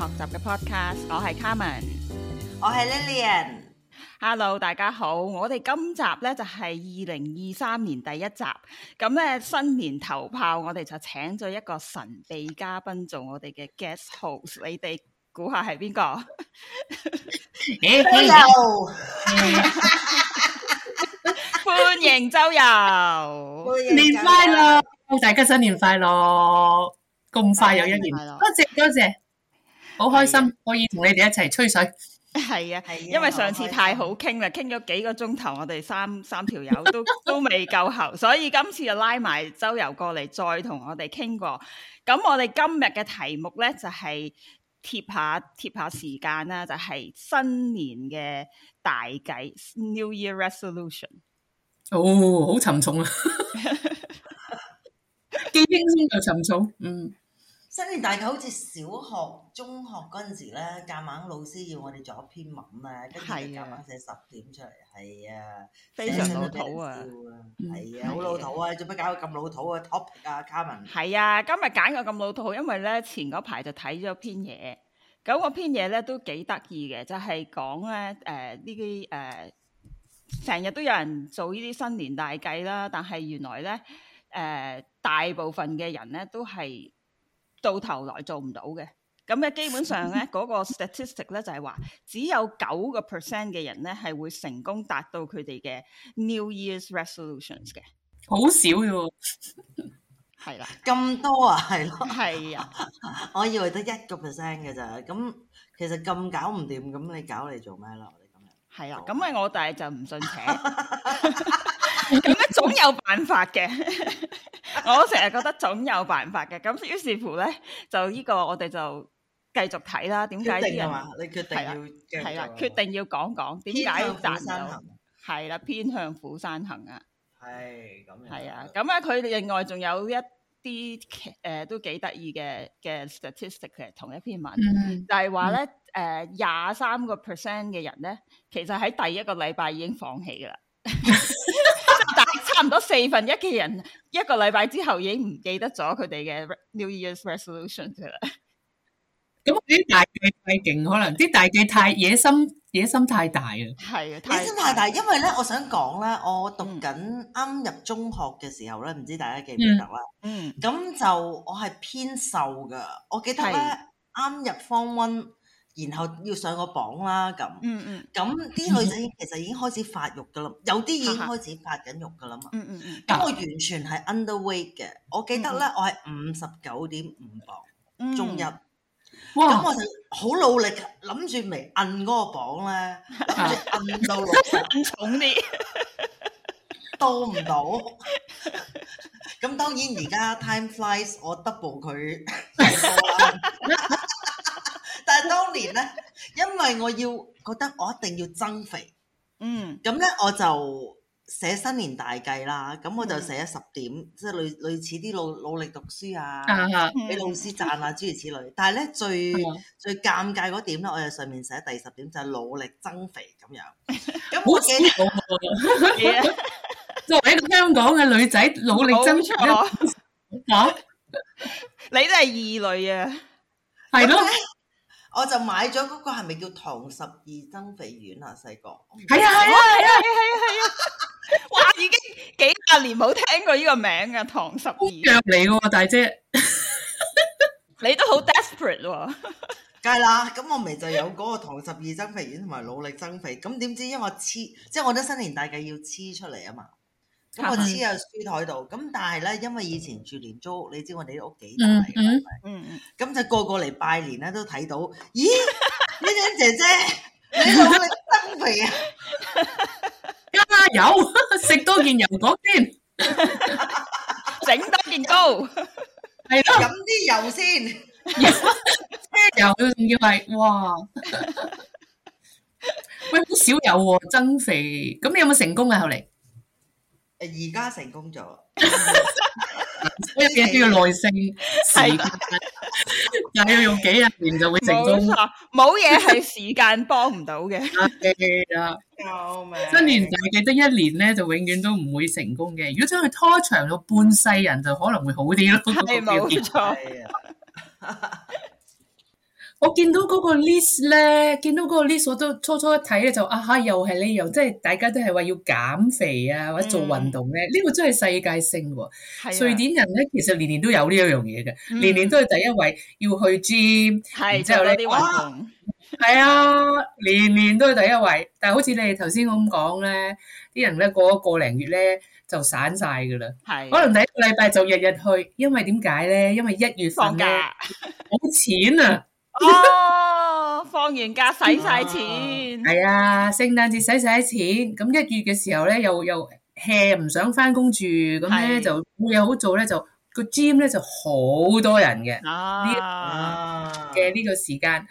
學習嘅 podcast，我係 Carmen 我係 Lillian。Hello，大家好，我哋今集咧就係二零二三年第一集。咁咧新年頭炮，我哋就請咗一個神秘嘉賓做我哋嘅 guest host。你哋估下係邊個？周歡迎周游，新年快樂，祝大家新年快樂，咁快又一年，多謝多謝。好開心的可以同你哋一齊吹水，係啊的，係。因為上次太好傾啦，傾咗幾個鐘頭，我哋三三條友都 都未夠喉，所以今次就拉埋周游過嚟，再同我哋傾過。咁我哋今日嘅題目呢，就係、是、貼下貼下時間啦，就係、是、新年嘅大計 New Year Resolution。哦，好沉重啊，既輕鬆又沉重，嗯。新年大計好似小學、中學嗰陣時咧，夾硬老師要我哋做一篇文啊，跟住夾硬寫十點出嚟，係啊，非常老土啊，係、嗯、啊，好老土啊，做乜搞到咁老土啊？Topic 啊，Carmen。係啊，今日揀個咁老土，因為咧前嗰排就睇咗篇嘢，咁、嗰篇嘢咧都幾得意嘅，就係、是、講咧誒呢啲誒成日都有人做呢啲新年大計啦，但係原來咧誒、呃、大部分嘅人咧都係。到頭來做唔到嘅，咁嘅基本上咧，嗰個 statistic 咧就係話，只有九個 percent 嘅人咧係會成功達到佢哋嘅 New Year's resolutions 嘅。好少嘅，係啦，咁多啊，係咯，係啊，我以為得一個 percent 嘅咋，咁其實咁搞唔掂，咁你搞嚟做咩咯？我哋咁樣，係啊，咁係我，但係就唔信邪。總有辦法嘅， 我成日覺得總有辦法嘅。咁於是乎咧，就呢個我哋就繼續睇啦。點解啲人話？你決定要係啦，決定要講講。點解要扎山行？係啦，偏向虎山行啊。係咁樣。係啊，咁咧佢另外仲有一啲誒、呃、都幾得意嘅嘅 statistics 同一篇文、嗯、就係話咧誒廿三個 percent 嘅人咧，其實喺第一個禮拜已經放棄噶啦。 差唔多四分一嘅人，一個禮拜之後已經唔記得咗佢哋嘅 New Year’s resolution 啦。咁啲大計太勁，可能啲大計太野心，野心太大啦。係啊，野心太大，因為咧，我想講咧，我讀緊啱、嗯、入中學嘅時候咧，唔知大家記唔記得啦？嗯，咁就我係偏瘦噶，我記得咧，啱的入 Form One。然後要上個榜啦，咁，咁啲、嗯嗯、女仔其實已經開始發育噶啦，有啲已經開始發緊育噶啦嘛。咁、嗯嗯嗯、我完全係 underweight 嘅，我記得咧，嗯、我係五十九點五磅，嗯、中一。咁哇我就好努力諗住嚟摁嗰個榜咧，摁到摁重啲一。 到唔到咁， 當然而家 time flies，我 double 佢。 但係當年呢，因為我要覺得我一定要增肥，嗯咁呢，我就寫新年大計啦。咁我就寫咗十點，嗯、即係類類似啲努努力讀書啊，俾、啊啊、老師讚啊，諸如此類。但係呢，最、啊、最尷尬嗰點呢，我喺上面寫第十點就係、是、努力增肥咁樣。咁我 作為一個香港嘅女仔，努力增重，你都係異類啊，係咯，我就買咗嗰個係咪叫唐十二增肥丸啊？細個，係啊係啊係啊係啊，哇，已經幾百年冇聽過呢個名嘅唐十二藥嚟喎，大姐，你都好 desperate 喎，啊，梗係啦，咁我咪就有嗰個唐十二增肥丸同埋努力增肥，咁點知因為我黐，即係我啲新年大計要黐出嚟啊嘛。我知啊，書台度咁，但係咧，因為以前住廉租屋，你知我哋屋幾大嘅，咁就個個嚟拜年咧都睇到，咦，呢張 姐姐，你努力增肥啊，加油、嗯，食、嗯嗯、多件油角先，整 多件糕，係咯、 嗯，飲 啲、嗯、 油先，油仲要係，哇，喂，好少有、啊、增肥，咁你有冇成功啊？後嚟？而家成功咗，所有嘢都要耐性，時間又要用幾廿年就會成功。冇錯，冇嘢係時間幫唔到嘅。記 得、 啊，新 年就記得一年咧，就永遠都唔會成功嘅。如果將佢拖長到半世人，就可能會好啲咯。冇錯。 我見到嗰個 list 咧，見到嗰個 list 我都初初一睇咧就啊嚇，又係呢樣，即係大家都係話要減肥啊，或者做運動咧，呢、這個真係世界性喎、啊。嗯、瑞典人咧其實年年都有呢一樣嘢嘅，年年都係第一位要去 gym、嗯、然之後咧，哇，係啊，年年都係第一位。但係好似你頭先咁講咧，啲人咧過咗個零月咧就散晒㗎啦。係的，可能第一個禮拜就日日去，因為點解咧？因為一月份放假冇 錢啊。 哦，放完假使晒錢，係啊，聖、啊、誕節使晒錢，咁一月嘅時候咧，又又 hea 唔想翻工住，咁咧是就冇嘢好做咧，就個 gym 咧就好多人嘅啊嘅呢、這個這個時間，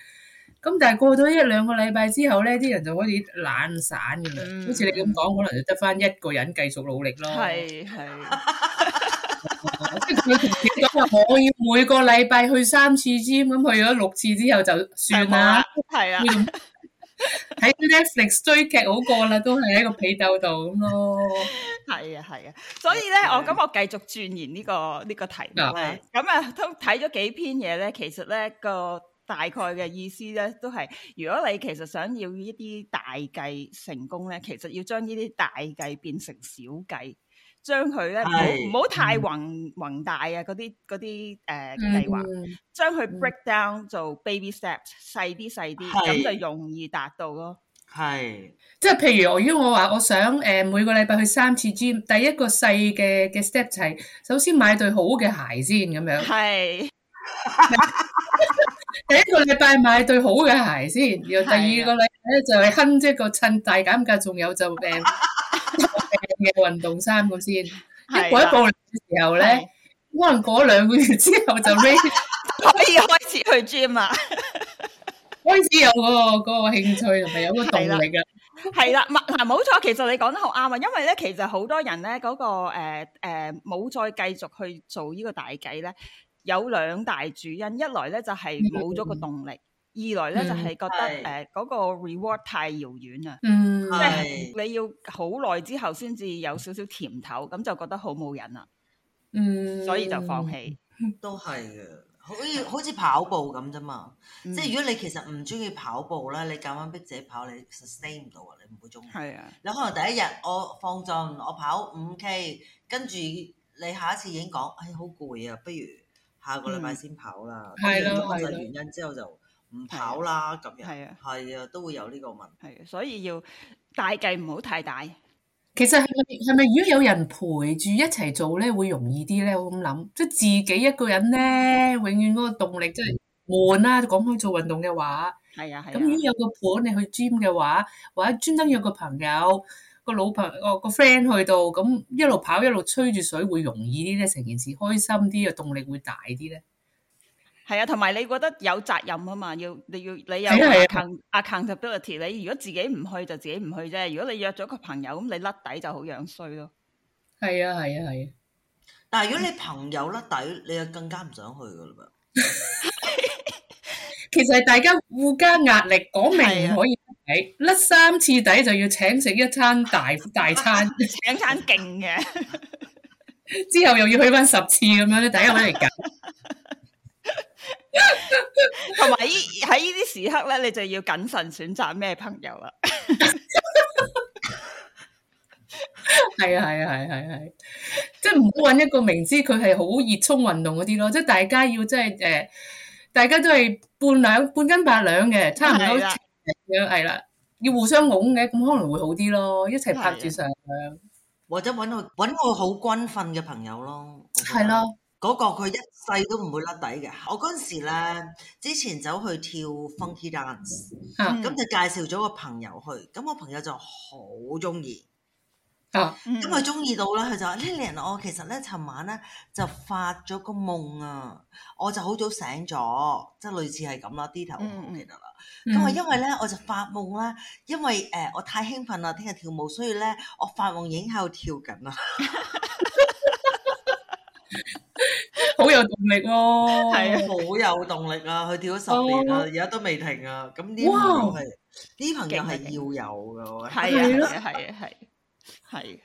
咁但係過咗一兩個禮拜之後咧，啲人就開始懶散噶啦，好似、嗯、你咁講，可能就得翻一個人繼續努力咯，係係。 即係佢同你講，每個禮拜去三次 gym，咁去咗六次之後就算啦。係啊，喺 Netflix 追劇好過啦，都係喺個被竇度咁咯。係啊，係啊，所以咧， 我咁我繼續鑽研呢、這個呢、這個題目咁啊，都睇咗幾篇嘢咧，其實咧個大概嘅意思咧，都係如果你其實想要呢啲大計成功咧，其實要將呢啲大計變成小計。將佢咧唔好太宏宏大啊！嗰啲嗰啲誒計劃，將佢 break down 做 baby steps 細啲細啲，咁就容易達到咯。係，即係譬如，如果我話我想誒每個禮拜去三次 gym，第一個細嘅嘅 step 就係首先買對好嘅鞋先咁樣。係，第一個禮拜買對好嘅鞋先，然後第二個禮拜咧就係哼即個趁大減價，咁嘅仲有就誒。嘅運動衫咁先，一步一步嚟嘅時候咧，可能過咗兩個月之後就可以開始去 gym 啊，開始有嗰個嗰個興趣同埋有個動力啦。係啦，嗱，冇錯，其實你講得好啱啊，因為咧，其實好多人咧嗰個誒誒冇再繼續去做呢個大計咧，有兩大主因，一來咧就係冇咗個動力。二來咧就係、是、覺得誒嗰個 reward 太遙遠啦，即係、mm, 就是、你要好耐之後先至有少少甜頭，咁就覺得好冇癮啦，mm, 所以就放棄都係嘅，可以好似跑步咁啫嘛。Mm. 即係如果你其實唔中意跑步咧，你咁樣逼自己跑，你 stay 唔到啊，你唔會中意。係啊，你可能第一日我放盡我跑五 K，跟住你下一次已經講誒好攰啊，不如下個禮拜先跑啦。係咯、mm.，係咯，原因，原因之後就。唔跑啦，咁的樣係啊，係啊的，的都會有呢個問題，係，所以要大計唔好太大。其實係咪係咪？如果有人陪住一齊做咧，會容易啲咧？我咁諗，即係自己一個人咧，永遠嗰個動力即係悶啦。講開做運動嘅話，係啊，咁如果有個伴你去 gym 嘅話，或者專登約個朋友個老朋哦，個 friend 去到，咁一路跑一路吹住水，會容易啲咧，成件事開心啲，又動力會大啲咧。係啊，同埋 你覺得有責任啊嘛，要你要你有 accountability，你是如果自己唔去就自己唔去啫。如果你約咗個朋友，咁你甩底就好樣衰咯。係啊，係啊，係、啊。但係如果你朋友甩底，你又更加唔想去噶啦嘛。 其實大家互加壓力，講明唔可以底，甩、啊、三次底就要請食一餐大大餐， 請餐勁嘅。 之後又要去返十次咁樣你第一位嚟搞。同埋依喺呢啲時刻咧，你就要謹慎選擇咩朋友啦。係啊，係啊，係係係，即係唔好搵一個明知佢係好熱衷運動嗰啲咯。即係大家要即係誒，大家都係半兩半斤八兩嘅，差唔多咁樣係啦。要互相拱嘅，咁可能會好啲咯，一齊拍住上。或者搵到搵個好軍訓嘅朋友咯，係咯。嗰個佢一世都唔會甩底嘅。我嗰陣時咧，之前走去跳 funky dance，咁就、uh, 嗯、介紹咗個朋友去，咁我朋友就好中意。啊、uh, 嗯，咁佢中意到啦，佢就話：Lilian，我其實咧，尋晚咧就發咗個夢啊，我就好早醒咗，即係類似係咁啦，啲頭唔記得啦。咁我、uh, 嗯、因為咧，我就發夢啦，因為誒、呃、我太興奮啦，聽日跳舞，所以咧我發夢已經喺度跳緊啊。 好有動力哦，係啊，好有動力啊！佢跳咗十年啊，而家都未停啊！咁啲朋友係，啲朋友係要有噶，係啊，係啊，係係。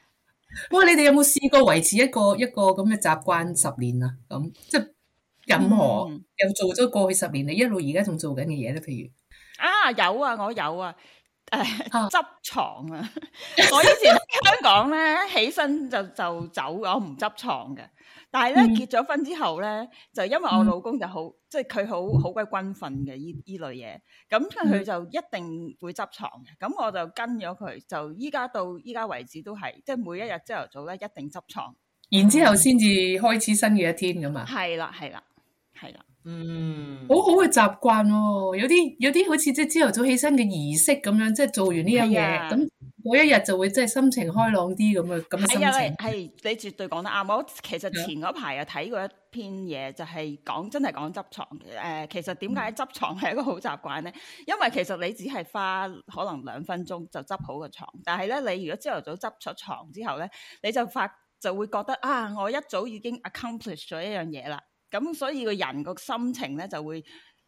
喂，你哋有冇試過維持一個一個咁嘅習慣十年啊？咁即係任何又做咗過去十年，你一路而家仲做緊嘅嘢咧？譬如啊，有啊，我有啊，誒，執床啊！我以前香港咧，起身就就走，我唔執床嘅。但係咧，結咗婚之後咧，嗯、就因為我老公就好，嗯、即係佢好好鬼軍訓嘅依依類嘢，咁佢就一定會執床嘅。咁我就跟咗佢，就依家到依家為止都係，即係每一日朝頭早咧一定執床，然之後先至開始新嘅一天咁啊。係啦，係啦，係啦。嗯，好好嘅習慣喎，有啲有啲好似即係朝頭早起身嘅儀式咁樣，即係做完呢的一樣嘢，咁嗰一日就會即係心情開朗啲咁嘅咁心情。係，你絕對講得啱。我其實前嗰排又睇過一篇嘢，就係講真係講執床嘅。誒、呃，其實點解執床係一個好習慣咧？嗯、因為其實你只係花可能兩分鐘就執好個床，但係咧，你如果朝頭早執咗床之後咧，你就發就會覺得啊，我一早已經 accomplish 咗一樣嘢啦。咁所以個人個心情咧就會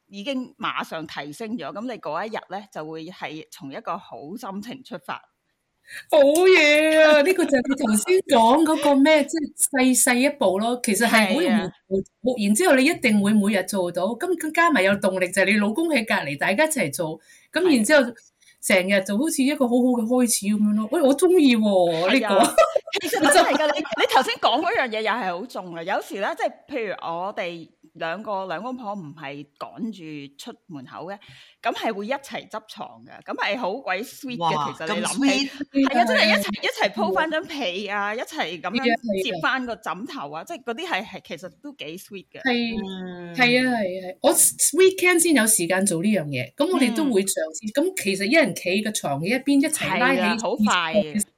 已經馬上提升咗，咁你嗰一日咧就會係從一個好心情出發，好嘢啊！呢 個就係你頭先講嗰個咩，即係細細一步咯。其實係好容易做，的然之後你一定會每日做到。咁咁加埋有動力就係你老公喺隔離，大家一齊做。咁然之後成日的就好似一個好好嘅開始咁樣咯。喂、哎，我中意喎呢個。真係噶，你你頭先講嗰樣嘢又係好重嘅。有時咧，即係譬如我哋兩個兩公婆唔係趕住出門口嘅，咁係會一齊執床嘅，咁係好鬼 sweet 嘅。其實你諗起係啊，真係一齊一齊鋪翻張被啊，一齊咁樣摺翻個枕頭啊，即係嗰啲係係其實都幾 sweet 嘅。係係啊係啊，我 weekend 先有時間做呢樣嘢，咁我哋都會嘗試。咁其實一人企喺個床嘅一邊，一齊拉起，好快啊！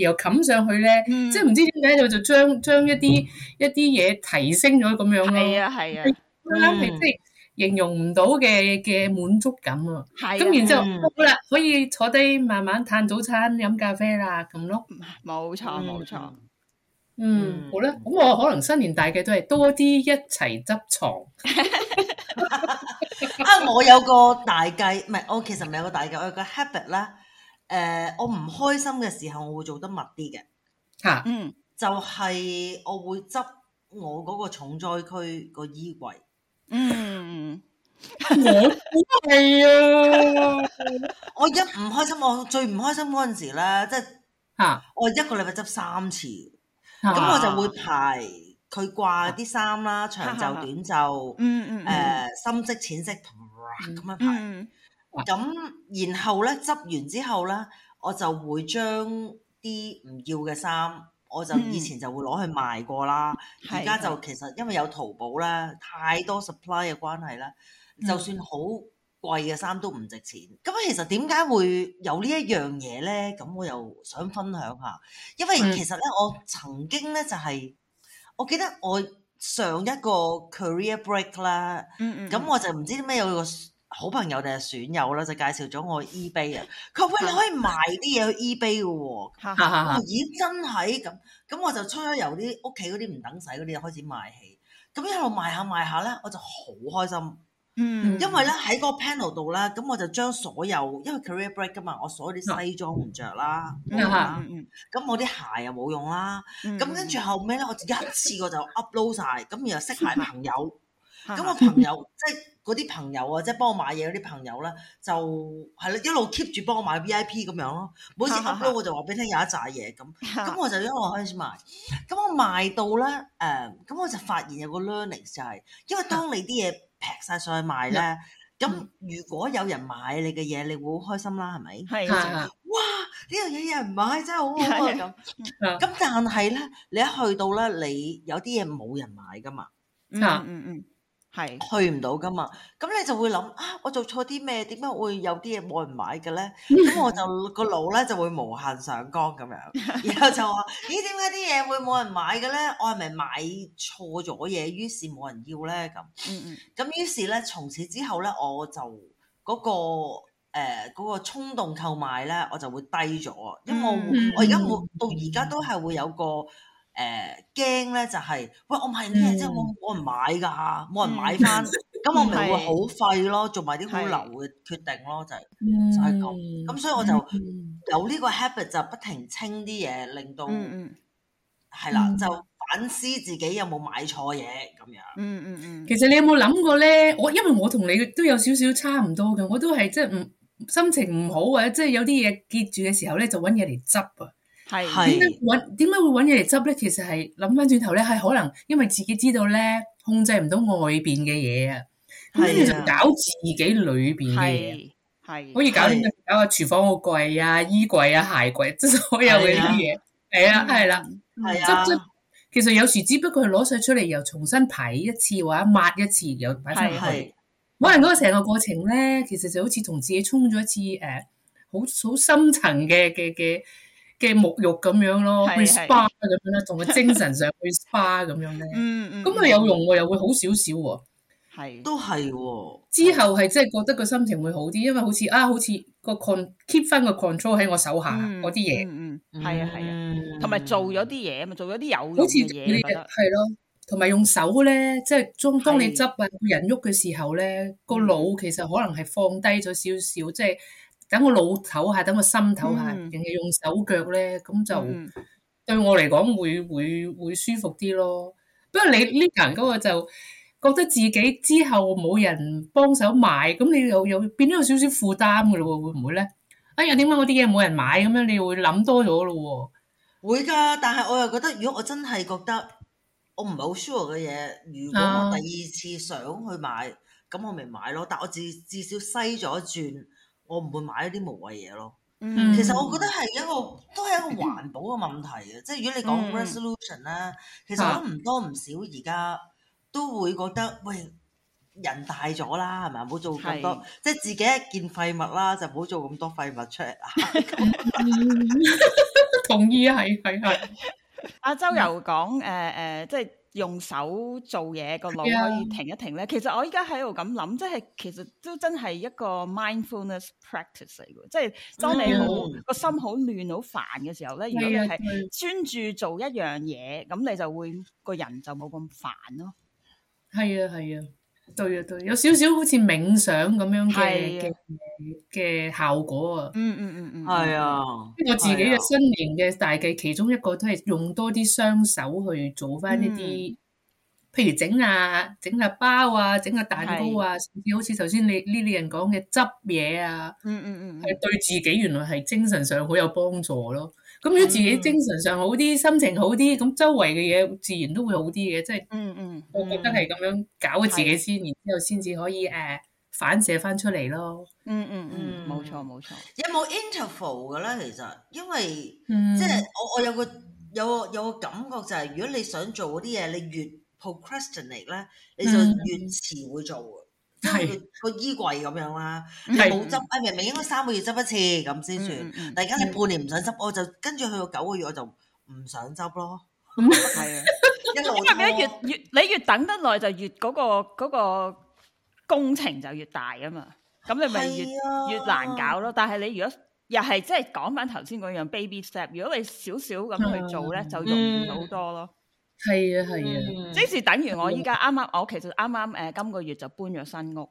又冚上去咧，即係唔知點解就就將將一啲一啲嘢，提升咗咁樣咯。係啊係啊，啱 係樣 即係應用唔到嘅嘅滿足感啊。係咁， 然之後好啦，可以坐低慢慢嘆早餐，飲咖啡啦，咁咯。冇錯，冇錯。 嗯，好啦，咁我可能新年大計都係多啲一齊執床。 啊，我有個大計，唔係我其實唔係有個大計，我有個 habit 啦。誒，uh, 我唔開心嘅時候，我會做得密啲嘅嚇，嗯、啊，就係我會執我嗰個重災區個衣櫃，嗯，我係啊，我一唔開心，我最唔開心嗰陣時咧，即係嚇，我一個禮拜執三次，咁、啊、我就會排佢掛啲衫啦，啊、長袖、短袖，嗯 嗯，誒深色、淺、嗯、色，同咁樣排。嗯嗯嗯。咁，然後咧執完之後咧，我就會將啲唔要嘅衫，嗯、我就以前就會攞去賣過啦。而家的就其實因為有淘寶咧，太多 supply 嘅關係咧，就算好貴嘅衫都唔值錢。咁、嗯、其實點解會有呢一樣嘢咧？咁我又想分享下，因為其實咧，嗯、我曾經咧就係、是，我記得我上一個 career break 啦，咁、嗯嗯嗯、我就唔知點解有個好朋友定係損友啦，就介紹咗我 eBay 啊。佢話：喂，你可以賣啲嘢去 eBay 嘅喎。咦、 欸？真係咁咁，我就出咗由啲屋企嗰啲唔等使嗰啲開始賣起。咁一路賣下賣下咧，我就好開心。嗯，因為咧喺嗰個 panel 度咧，咁我就將所有因為 career break 㗎嘛，我所有啲西裝唔着啦，嗯咁我啲鞋又冇用啦，咁跟住後尾咧，我一次過就 upload 曬，咁然後識埋朋友。 咁我朋友即係嗰啲朋友啊，即係幫我買嘢嗰啲朋友咧，就係咯，一路 keep 住幫我買 VIP 咁樣咯。每次喊咗我就話俾你聽有一紮嘢咁，咁我就一路開始賣。咁我賣到咧，誒，咁我就發現有個 learning 就係，因為當你啲嘢劈晒上去賣咧，咁如果有人買你嘅嘢，你會好開心啦，係咪？係哇，呢樣嘢有人買真係好好咁。咁但係咧，你一去到咧，你有啲嘢冇人買噶嘛？嗯嗯。係是去唔到噶嘛？咁你就會諗啊，我做錯啲咩？點解會有啲嘢冇人買嘅咧？咁 我就個腦咧就會無限上綱咁樣，然後就話咦，點解啲嘢會冇人買嘅咧？我係咪買錯咗嘢？於是冇人要咧咁？咁、嗯嗯、於是咧，從此之後咧，我就嗰、那個誒嗰、呃那個衝動購買咧，我就會低咗。因為我我而家冇到而家都係會有個。嗯嗯誒驚咧，uh, 就係、是、喂，我買啲嘢，即係冇冇人買噶，冇人買翻，咁、hmm. 我咪會好廢咯，mm hmm. 做埋啲好流嘅決定咯，mm hmm. 就係就係咁。咁所以我就、mm hmm. 有呢個 habit 就不停清啲嘢，令到係、mm hmm. 啦，就反思自己有冇買錯嘢咁樣。嗯嗯嗯。Hmm. 其實你有冇諗過咧？我因為我同你都有少少差唔多嘅，我都係即係唔心情唔好或者即係有啲嘢結住嘅時候咧，就揾嘢嚟執啊。係點解揾，點解會揾嘢嚟執咧？其實係諗翻轉頭咧，係可能因為自己知道咧，控制唔到外邊嘅嘢啊，咁跟住就搞自己裏邊嘅嘢，係、啊、可以搞啲咩？搞個廚房個櫃啊、衣櫃啊、鞋櫃，即所有嘅呢啲嘢，係啊，係啦、啊，執咗、啊啊。其實有時只不過係攞晒，出嚟，又重新排一次，或者抹一次，又擺上去。可能嗰個成個過程咧，其實就好似同自己沖咗一次，誒、啊，好好深層嘅嘅嘅。嘅沐浴咁樣咯，去 spa 咁樣啦，同佢精神上去 spa 咁樣咧，咁啊有用喎，又會好少少喎，都係喎。之後係真係覺得個心情會好啲，因為好似啊，好似個 con keep 翻個 control 喺我手下嗰啲嘢，係啊係啊，同埋做咗啲嘢咪做咗啲有好似嘢係咯，同埋用手咧，即係當當你執啊人喐嘅時候咧，個腦其實可能係放低咗少少，即係。等我腦唞下，等我心唞下，定係、嗯、用手腳咧，咁就對我嚟講會、嗯、會會舒服啲咯。不過你呢、呢個人嗰個就覺得自己之後冇人幫手買，咁你又又變咗有少少負擔嘅咯喎，會唔會咧？哎呀，點解我啲嘢冇人買咁樣？你會諗多咗咯喎。會㗎，但係我又覺得，如果我真係覺得我唔係好 sure 嘅嘢，如果我第二次想去買，咁、啊、我咪買咯。但我至至少篩咗轉。我唔會買一啲無謂嘢咯。嗯、其實我覺得係一個都係一個環保嘅問題嘅。嗯、即係如果你講 resolution 啦、嗯，其實我諗唔多唔少，而家都會覺得、啊、喂人大咗啦，係咪啊？唔好做咁多，是即係自己一件廢物啦，就唔好做咁多廢物出嚟啦！ 同意啊，係係係。阿周游講誒誒，即係。用手做嘢，那個腦可以停一停咧。Yeah. 其實我依家喺度咁諗，即係其實都真係一個 mindfulness practice 嚟嘅。即係當你好個 Yeah. 心好亂好煩嘅時候咧，如果你係專注做一樣嘢，咁 Yeah. 你就會個人就冇咁煩咯。係啊，係啊。對啊對，啊對啊，有少少好似冥想咁樣嘅嘅、啊、效果啊、嗯，嗯嗯嗯嗯，係啊， 我自己嘅新年嘅大計，其中一個都係用多啲雙手去做翻一啲，嗯、譬如整啊整下包啊，整下蛋糕啊，甚至好似頭先你呢啲人講嘅執嘢啊，嗯嗯嗯，係對自己原來係精神上好有幫助咯。咁如果自己精神上好啲，mm hmm. 心情好啲，咁周圍嘅嘢自然都會好啲嘅。即係嗯嗯，mm hmm. 我覺得係咁樣搞自己先，mm hmm. 然之後先至可以誒、uh, 反射翻出嚟咯。嗯嗯嗯，冇錯冇錯，hmm. 有冇 interval 嘅咧？其實，因為即係、mm hmm. 我我有個有個有個感覺就係、是、如果你想做啲嘢，你越 procrastinate 咧，你就越遲會做。Mm hmm. 即係個衣櫃咁樣啦，冇執，的明明應該三個月執一次咁先算。嗯嗯、但係而家你半年唔想執，嗯、我就跟住去到九個月我就唔想執咯。係啊是的 都，因為因為越越你越等得耐就越嗰、嗰個、嗰個工程就越大啊嘛。咁你咪越的越難搞咯。但係你如果又係即係講翻頭先嗰樣 baby step，如果你少少咁去做咧的，就容易好多咯。係啊係啊，即是、啊、等於我依家啱啱，啊、我其實啱啱誒今個月就搬咗新屋，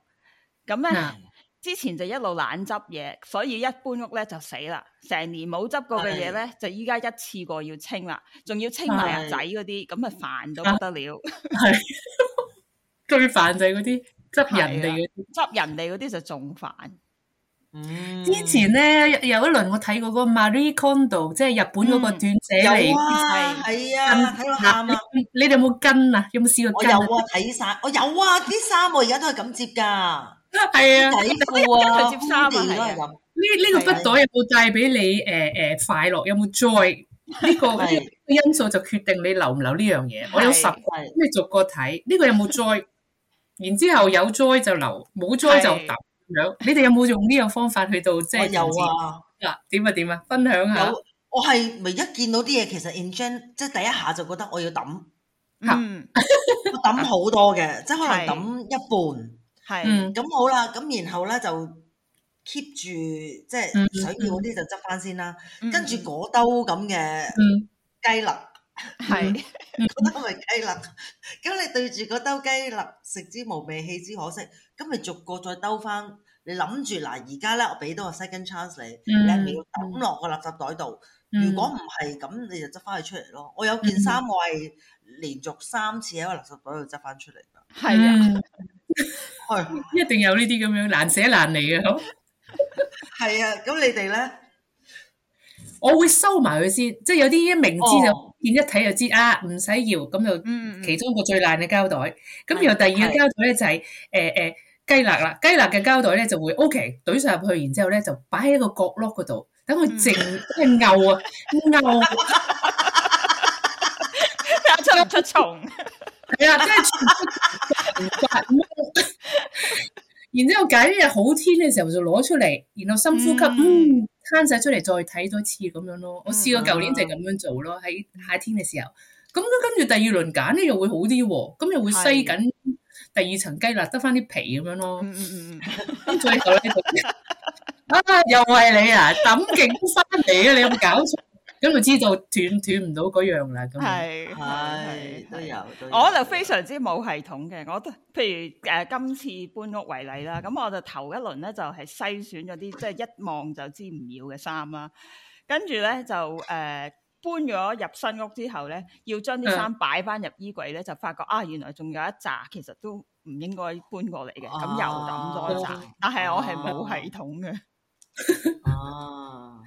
咁咧、啊、之前就一路懶執嘢，所以一搬屋咧就死啦，成年冇執過嘅嘢咧，啊、就依家一次過要清啦，仲要清埋阿仔嗰啲，咁咪煩到不得了，係最煩就係嗰啲執人哋嘅，執人哋嗰啲就仲煩。嗯，之前咧有一輪我睇過嗰個 Marie Kondo，即係日本嗰個斷捨離，係係啊，睇到啱啊！你你哋有冇跟啊？有冇試過跟？我有啊，睇晒，我有啊，啲衫我而家都係咁接噶，係啊，底褲啊，衫啊都係咁。呢呢個筆袋有冇帶俾你？誒誒，快樂有冇 joy？呢個因素就決定你留唔留呢樣嘢。我有十，咁你逐個睇，呢個有冇 joy？然之後有 joy 就留，冇 joy 就抌。你哋有冇用呢個方法去到即係？我有啊。嗱、啊，點啊點啊，分享下。有，我係咪一見到啲嘢，其實 in general 即係第一下就覺得我要抌，吓、嗯，我抌好多嘅， 即係可能抌一半，係，咁好啦，咁然後咧就 keep 住，即係想要嗰啲就執翻先啦，跟住嗰兜咁嘅雞肋。嗯係，嗰兜咪雞肋，咁、嗯、 你對住嗰兜雞肋食之無味，棄之可惜，咁你逐個再兜翻，你諗住嗱，而家咧我俾多個 second chance 你，嗯、你一定要抌落個垃圾袋度？嗯、如果唔係，咁你就執翻佢出嚟咯。我有件衫，嗯、我係連續三次喺個垃圾袋度執翻出嚟㗎。係啊，係 一定有呢啲咁樣難捨難離嘅，係 啊。咁你哋咧？ 我會收埋佢先，即係有啲明知就見、哦、一睇就知啊，唔使要咁，就其中一個最爛嘅膠袋。咁、嗯、然後第二個膠袋咧就係誒誒雞肋啦，雞肋嘅膠袋咧就會 O K 懟晒入去，然之後咧就擺喺個角落嗰度，等佢靜即係漚啊，漚出出蟲。係、嗯、啊，即係、嗯、然之後揀一日好天嘅時候就攞出嚟，然後深呼吸，嗯。嗯攤晒出嚟再睇多次咁樣咯，我試過舊年就係咁樣做咯，喺、嗯啊、夏天嘅時候，咁跟住第二輪揀呢，又會好啲喎，咁又會篩緊第二層雞肋，得翻啲皮咁樣咯。嗯、嗯嗯， 最後呢 啊又係你啊抌勁翻嚟啊，你有冇搞錯？ 咁就知道斷斷唔到嗰樣啦，咁係係都有。有我就非常之冇系統嘅，我都，譬如誒、呃、今次搬屋為例啦，咁、嗯、我就頭一輪咧就係、是、篩選咗啲即係一望就知唔要嘅衫啦，跟住咧就誒、呃、搬咗入新屋之後咧，要將啲衫擺翻入衣櫃咧，嗯、就發覺啊原來仲有一紮其實都唔應該搬過嚟嘅，咁又抌咗一紮，但係我係冇系統嘅。啊。啊啊啊啊啊啊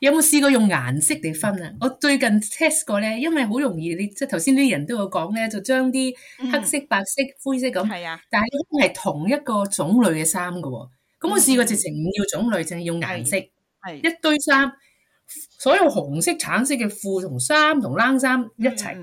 有冇試過用顏色嚟分啊？我最近 test 過咧，因為好容易，你即係頭先啲人都有講咧，就將啲黑色、白色、灰色咁，係啊、嗯，但係可能係同一個種類嘅衫噶。咁我試過直情唔要種類，淨係用顏色，係的一堆衫，所有紅色、橙色嘅褲同衫同冷衫一齊，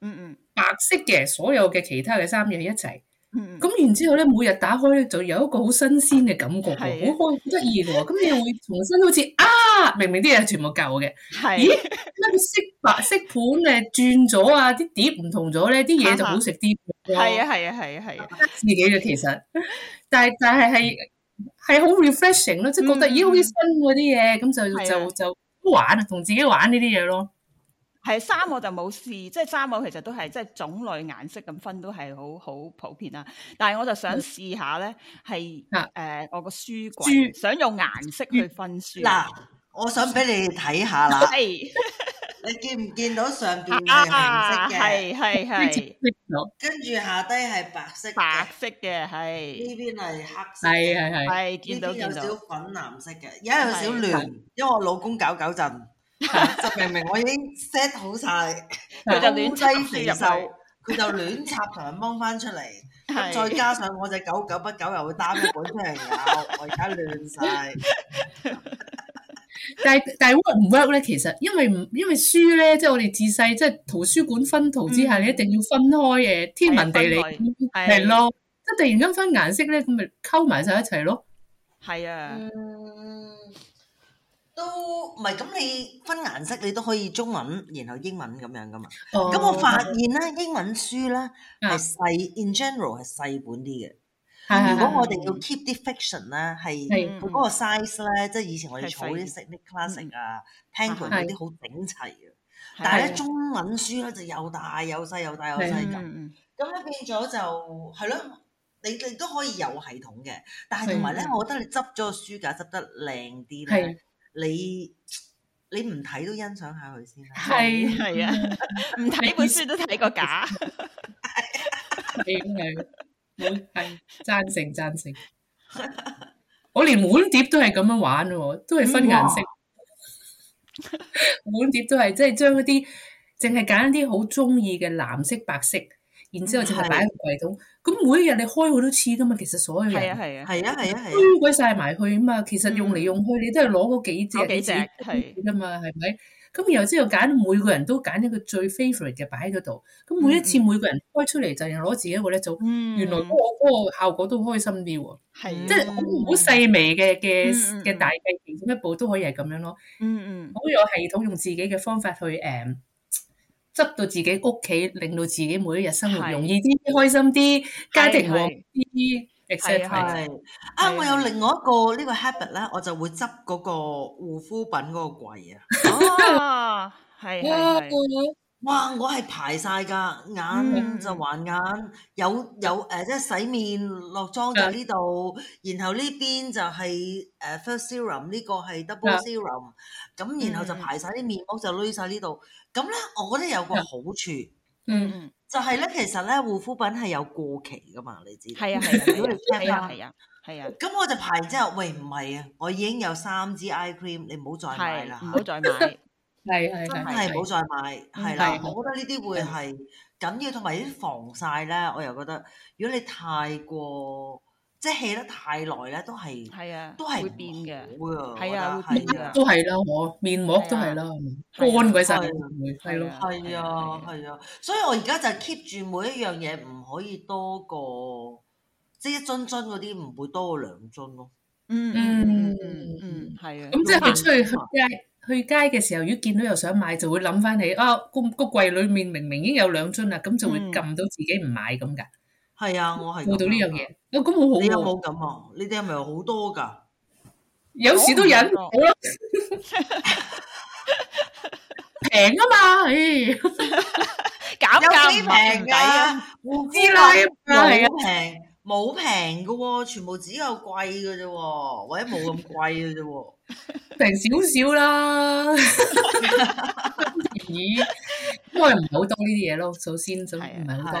嗯嗯，白色嘅所有嘅其他嘅衫嘢一齊，嗯嗯，咁然之後咧，每日打開咧就有一個好新鮮嘅感覺，好開心，好得意噶。咁你的會重新好似啊～明明啲嘢全部舊嘅，的咦？乜個色白色盤誒轉咗啊？啲碟唔同咗咧，啲嘢就好食啲。係啊係啊係啊係啊！嗯、自己嘅其實，但係但係係係好 refreshing 咯，即、就、係、是、覺得咦好似新嗰啲嘢，咁、嗯、就的就就都玩，同自己玩呢啲嘢咯。係衫我就冇試，即係衫我其實都係即係種類顏色咁分都係好好普遍啦。但係我就想試下咧，係誒、 呃、我個書櫃想用顏色去分書嗱。我想俾你睇下啦，你見唔見到上邊係紅色嘅，係係係，跟住下低係白色白色嘅，係呢邊係黑色，係係係，係見到有少少粉藍色嘅，而家有少亂，因為我老公搞搞陣，就明明我已經 set 好晒，佢就亂擠成瘦，佢就亂插同埋掹翻出嚟，再加上我隻狗久不久又會擔一本出嚟咬，我而家亂晒。但係但係 work 唔 work 咧？其實因為唔因為書咧，即係我哋自細即係圖書館分圖之下，嗯、你一定要分開嘅天文地理，係咯。即係的突然間分顏色咧，咁咪溝埋晒一齊咯。係啊的、嗯，都唔係咁你分顏色，你都可以中文然後英文咁樣噶嘛。咁、哦、我發現咧，英文書咧係細，in general 係細本啲嘅。如果我哋要 keep 啲 fiction 咧，係佢嗰個 size 咧，即係以前我哋儲啲 set classic 啊，Penguin 嗰啲好整齊嘅。但係咧中文書咧就又大又細，又大又細咁。咁咧變咗就係咯，你哋都可以有系統嘅。但係同埋咧，我覺得你執咗個書架執得靚啲啦。你你唔睇都欣賞下佢先啦。係係啊，唔睇本書都睇個架。係咁係贊 成贊成，我連碗碟都係咁樣玩喎，都係分顏色。 碗碟都係即係將一啲淨係揀啲好中意嘅藍色、白色，然之後淨係擺喺櫃桶。咁的每一日你開好多次噶嘛，其實所有人係啊係啊係啊係啊，丟鬼晒埋去啊嘛。其實用嚟用去，你、嗯、都係攞嗰幾隻幾隻，係啊次嘛，係咪？咁然後之後揀每個人都揀一個最 favorite 嘅擺喺嗰度，咁每一次、嗯、每個人開出嚟就攞自己一個咧就，嗯、原來嗰個個效果都開心啲喎，的即係好細微嘅嘅嘅大計其中一步都可以係咁樣咯、嗯，嗯嗯，好有系統用自己嘅方法去誒，執、um, 到自己屋企，令到自己每一日生活容易啲的，開心啲，家庭和睦啲的。係係是啊！是是，我有另外一個、這個、呢個 habit 咧，我就會執嗰個護膚品嗰個櫃啊。哦，係啊，是是是哇，哇！我係排晒㗎眼就橫眼，嗯、有有誒，即、呃、係、就是、洗面落妝就呢度，嗯、然後呢邊就係、是、誒、呃、first serum 呢個係 double serum，咁、嗯、然後就排晒啲面膜、嗯、就堆晒呢度。咁咧，我覺得有個好處，嗯嗯。嗯就係咧，其實咧護膚品係有過期噶嘛，你知？係啊，係啊，如果你 check 翻，係啊係啊，咁我就排之後，喂，唔係啊，我已經有三支 eye cream，你唔好再買啦，唔好再買，係係真係唔好再買，係啦，我覺得呢啲會係緊要，同埋啲防曬咧，我又覺得如果你太過。即係起得太耐咧，都係，都係會變嘅，係啊，都係啦，我面膜都係啦，乾鬼晒，係咯，係啊，係啊，所以我而家就 keep 住每一樣嘢唔可以多過，即係一樽樽嗰啲唔會多過兩樽咯。嗯嗯嗯嗯，係啊。咁即係出去街，去街嘅時候，如果見到又想買，就會諗翻起啊，個個櫃裡面明明已經有兩樽啦，咁就會撳到自己唔買咁㗎。係啊，我係做到呢、哦、樣嘢、啊。我咁我好，你有冇咁啊？你哋係咪好多噶？有時都忍，好咯。平啊嘛，搞 有啲平底噶，唔、啊、知啦。係啊，平，冇平噶，全部只夠貴噶啫，或者冇咁貴噶啫，平少少啦。咦？ 咁我唔係好多呢啲嘢咯，首先，就先唔係好多。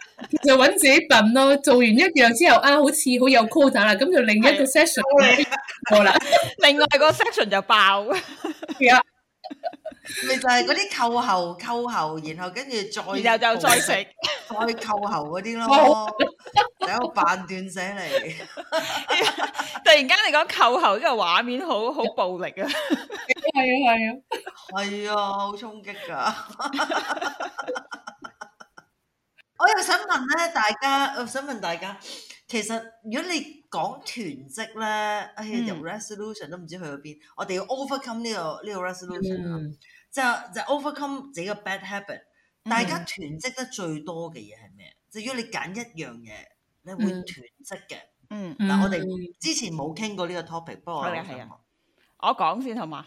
就揾自己笨咯，做完一樣之後啊，好似好有 call 啦，咁、嗯、就是另一個 session 過啦， 另外個 section 就爆，咪 就係嗰啲扣喉、扣喉，然後跟住再又就再食再扣喉嗰啲咯，喺度扮斷捨離， 突然間你講扣喉，呢個畫面好好暴力啊，係啊係啊，係啊，好衝擊噶。我又想問咧，大家，我想問大家，其實如果你講囤積咧，哎呀，resolution 都唔知去咗邊，我哋要 overcome 呢個呢個 resolution 啊、mm.，就就 overcome 自己個 bad habit。大家囤積得最多嘅嘢係咩？Mm. 就如果你揀一樣嘢，你會囤積嘅，嗯，嗱，我哋之前冇傾過呢個 topic，不過我嚟緊、啊啊，我講先好嘛。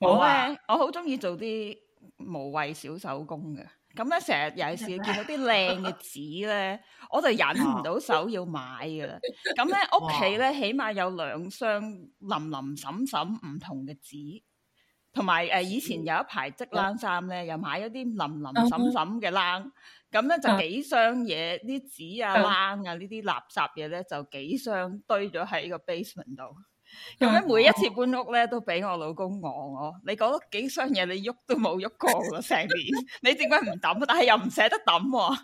好啊，我，我好中意做啲無謂小手工嘅。咁咧成日尤其是見到啲靚嘅紙咧， 我就忍唔到手要買噶啦。咁咧屋企咧，起碼有兩箱林林沈沈唔同嘅紙，同埋誒以前有一排織冷衫咧，又買咗啲林林沈沈嘅冷。咁咧 就幾箱嘢，啲 紙啊、冷啊呢啲垃圾嘢咧，就幾箱堆咗喺個 basement 度。用樣、嗯、每一次搬屋咧，都俾我老公戇我。你講幾箱嘢，你喐都冇喐過成 年。你盡管唔抌，但係又唔捨得抌喎、啊。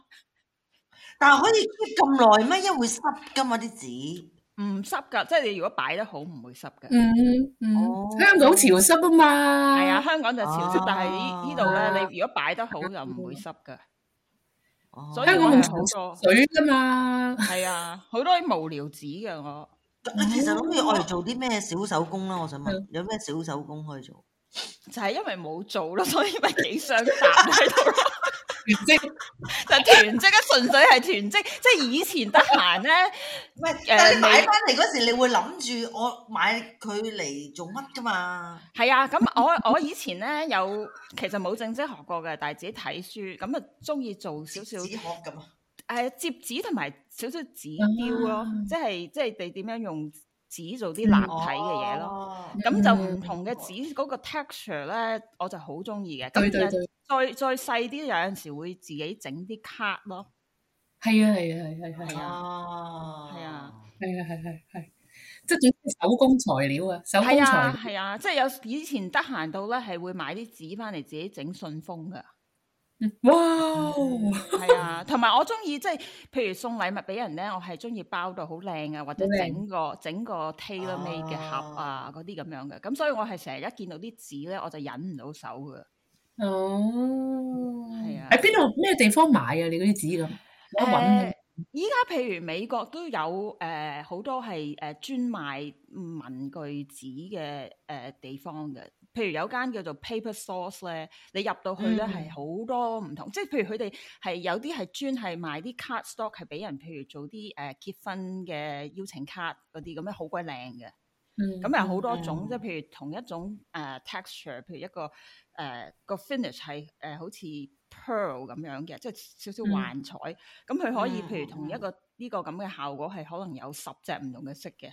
但係可以咁耐咩？因為會濕噶嘛啲紙，唔濕噶，即係你如果擺得好，唔會濕噶。嗯嗯，香港潮濕啊嘛。係啊， 香港就潮濕，但係、啊、呢呢度咧，你如果擺得好，又唔會濕噶。嗯嗯、所以香港冇錯水噶嘛。係啊，好多啲無聊紙嘅我。 嗯、其實諗住我哋做啲咩小手工啦，我想問，有咩小手工可以做？就係因為冇做咯，所以咪幾想答喺度咯。職 就囤積，一純粹係囤積， 即係以前得閒咧。唔係，誒，你買翻嚟嗰時，你，你會諗住我買佢嚟做乜噶嘛？係啊，咁我我以前咧有，其實冇正式學過嘅，但係自己睇書，咁啊中意做少少。紙殼咁啊？誒、呃，折紙同埋。少少紙雕、啊、咯，即係即係你點樣用紙做啲立體嘅嘢咯。咁、嗯、就唔同嘅紙嗰個 texture 咧，我就好中意嘅。對對對，再再細啲，有陣時會自己整啲卡咯。係啊係啊係係係啊，係啊係啊係係係，即係總之手工材料啊，手工材。係啊係啊，即係有以前得閒到咧，係會買啲紙翻嚟自己整信封噶。哇、哦，係 嗯、啊，同埋我中意即係，譬如送禮物俾人咧，我係中意包到好靚啊，或者整個 整個，個 tailor made 嘅盒啊，嗰啲咁樣嘅。咁所以我係成日一見到啲紙咧，我就忍唔到手噶。哦，係啊，喺邊度咩地方買啊？你嗰啲紙咁，一搵、呃。依家譬如美國都有誒好、呃、多係誒專賣文具紙嘅誒地方嘅。譬如有間叫做 Paper Source 咧，你入到去咧係好多唔同，嗯、即係譬如佢哋係有啲係專係賣啲 cardstock 係俾人，譬如做啲誒、呃、結婚嘅邀請卡嗰啲咁樣，好鬼靚嘅。嗯，咁有好多種，即係、嗯、譬如同一種誒、呃、texture，譬如一個誒、呃、個 finish 係誒、呃、好似 pearl 咁樣嘅，即係少少幻彩。咁佢、嗯嗯、可以譬如同一個呢個咁嘅效果係可能有十隻唔同嘅色嘅。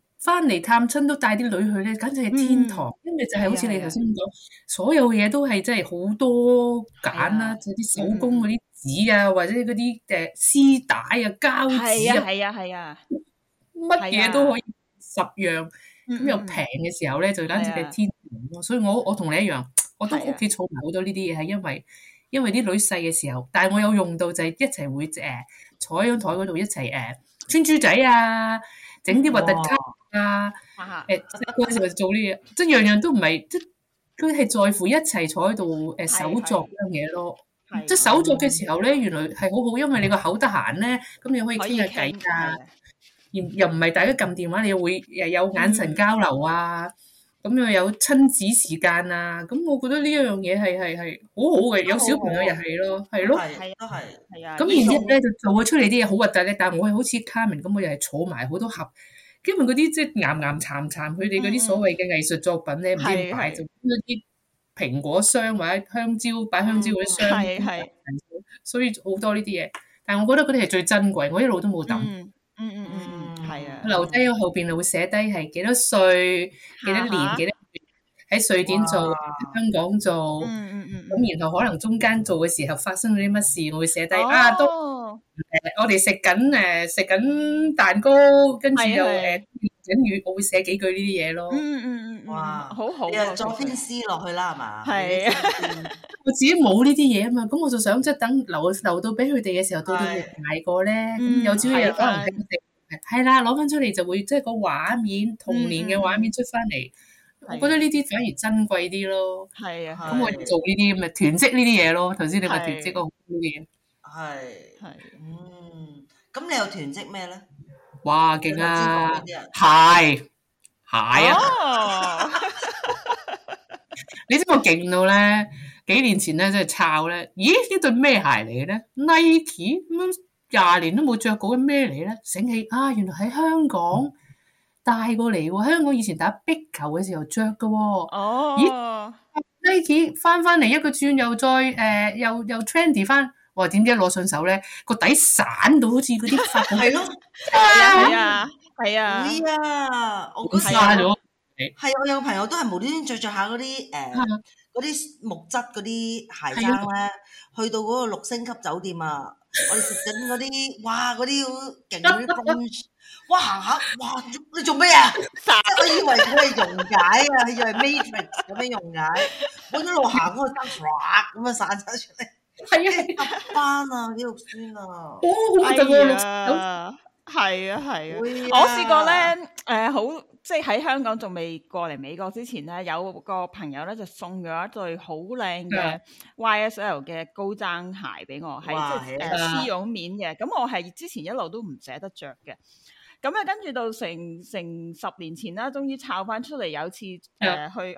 翻嚟探親都帶啲女去咧，簡直係天堂，因為就係好似你頭先講，所有嘢都係真係好多揀啦，嗰啲手工，嗰啲紙啊，或者嗰啲誒絲帶啊、膠紙啊，係啊係啊係啊，乜嘢都可以十樣，咁又平嘅時候咧，就簡直係天堂。所以我我同你一樣，我都屋企儲埋好多呢啲嘢，係因為因為啲女細嘅時候，但係我有用到就係一齊會誒坐喺張台嗰度一齊誒穿珠仔啊。整啲核突卡啊！誒嗰陣時咪做呢嘢、嗯，即係樣樣都唔係，即佢係在乎一齊坐喺度誒手作樣嘢咯。即係手作嘅時候咧，原來係好好，因為你個口得閒咧，咁你可以傾下偈㗎。啊、而又唔係大家撳電話，你會誒有眼神交流啊。咁又有親子時間啊！咁我覺得呢樣嘢係係係好好嘅，好有小朋友又係咯，係咯的，係都係，係啊的。咁然之後咧，就做咗出嚟啲嘢好核突嘅，但係我係好似 Carmen 咁又人，我坐埋好多盒，基本上嗰啲即係岩岩殘殘，佢哋嗰啲所謂嘅藝術作品咧，唔、嗯、知擺咗啲蘋果箱或者香蕉，擺香蕉嗰啲箱，嗯、所以好多呢啲嘢。但係我覺得嗰啲係最珍貴，我一路都冇抌、嗯。嗯嗯嗯嗯。係啊，留低喺後邊，我會寫低係幾多歲、幾多年、幾多月喺瑞典做，香港做，咁然後可能中間做嘅時候發生咗啲乜事，我會寫低啊，都誒，我哋食緊誒食緊蛋糕，跟住又誒，英語我會寫幾句呢啲嘢咯。嗯嗯嗯，哇，好好，又再編詩落去啦，係嘛？係啊，我自己冇呢啲嘢啊嘛。咁我就想即係等留留到俾佢哋嘅時候，到到人挨過咧，咁有朝一日可能係啦，攞翻出嚟就會即係個畫面，童年嘅畫面出翻嚟，嗯、我覺得呢啲反而珍貴啲咯。係啊，咁我做呢啲咁嘅囤積呢啲嘢咯。頭先你咪囤積個好嘢，係係，嗯，咁你又囤積咩咧？哇，勁啊！鞋鞋啊！ 你知唔知我勁到咧？幾年前咧，即係抄咧。咦？呢對咩鞋嚟嘅咧？Nike 咁樣。廿年都冇着過啲咩嚟咧？醒起啊，原來喺香港帶過嚟喎。香港以前打壁球嘅時候着㗎喎。哦，Nike 翻翻嚟一個轉，又再誒又又 trendy 翻。哇！點知攞上手咧，個底散到好似嗰啲係咯，係啊，係啊，係啊！我覺得嘥咗係啊！我有朋友都係無端端着着下嗰啲誒嗰啲木質嗰啲鞋踭咧，去到嗰個六星級酒店啊！我哋食緊嗰啲，哇！嗰啲好勁嗰啲公，哇行下，哇！哇做你做咩啊？殺 我以為佢係溶解啊，以為係 Matrix 有咩溶解？我一路行嗰陣唰咁樣散晒出嚟，係啊，濕、 哎、啊，啲肉酸啊，係啊，係啊，我試過咧，誒好。即係喺香港仲未過嚟美國之前咧，有個朋友咧就送咗一對好靚嘅 YSL 嘅高踭鞋俾我，係哇即係絲絨面嘅。咁我係之前一路都唔捨得着嘅。咁啊，跟住到成成十年前啦，終於抄翻出嚟，有次誒去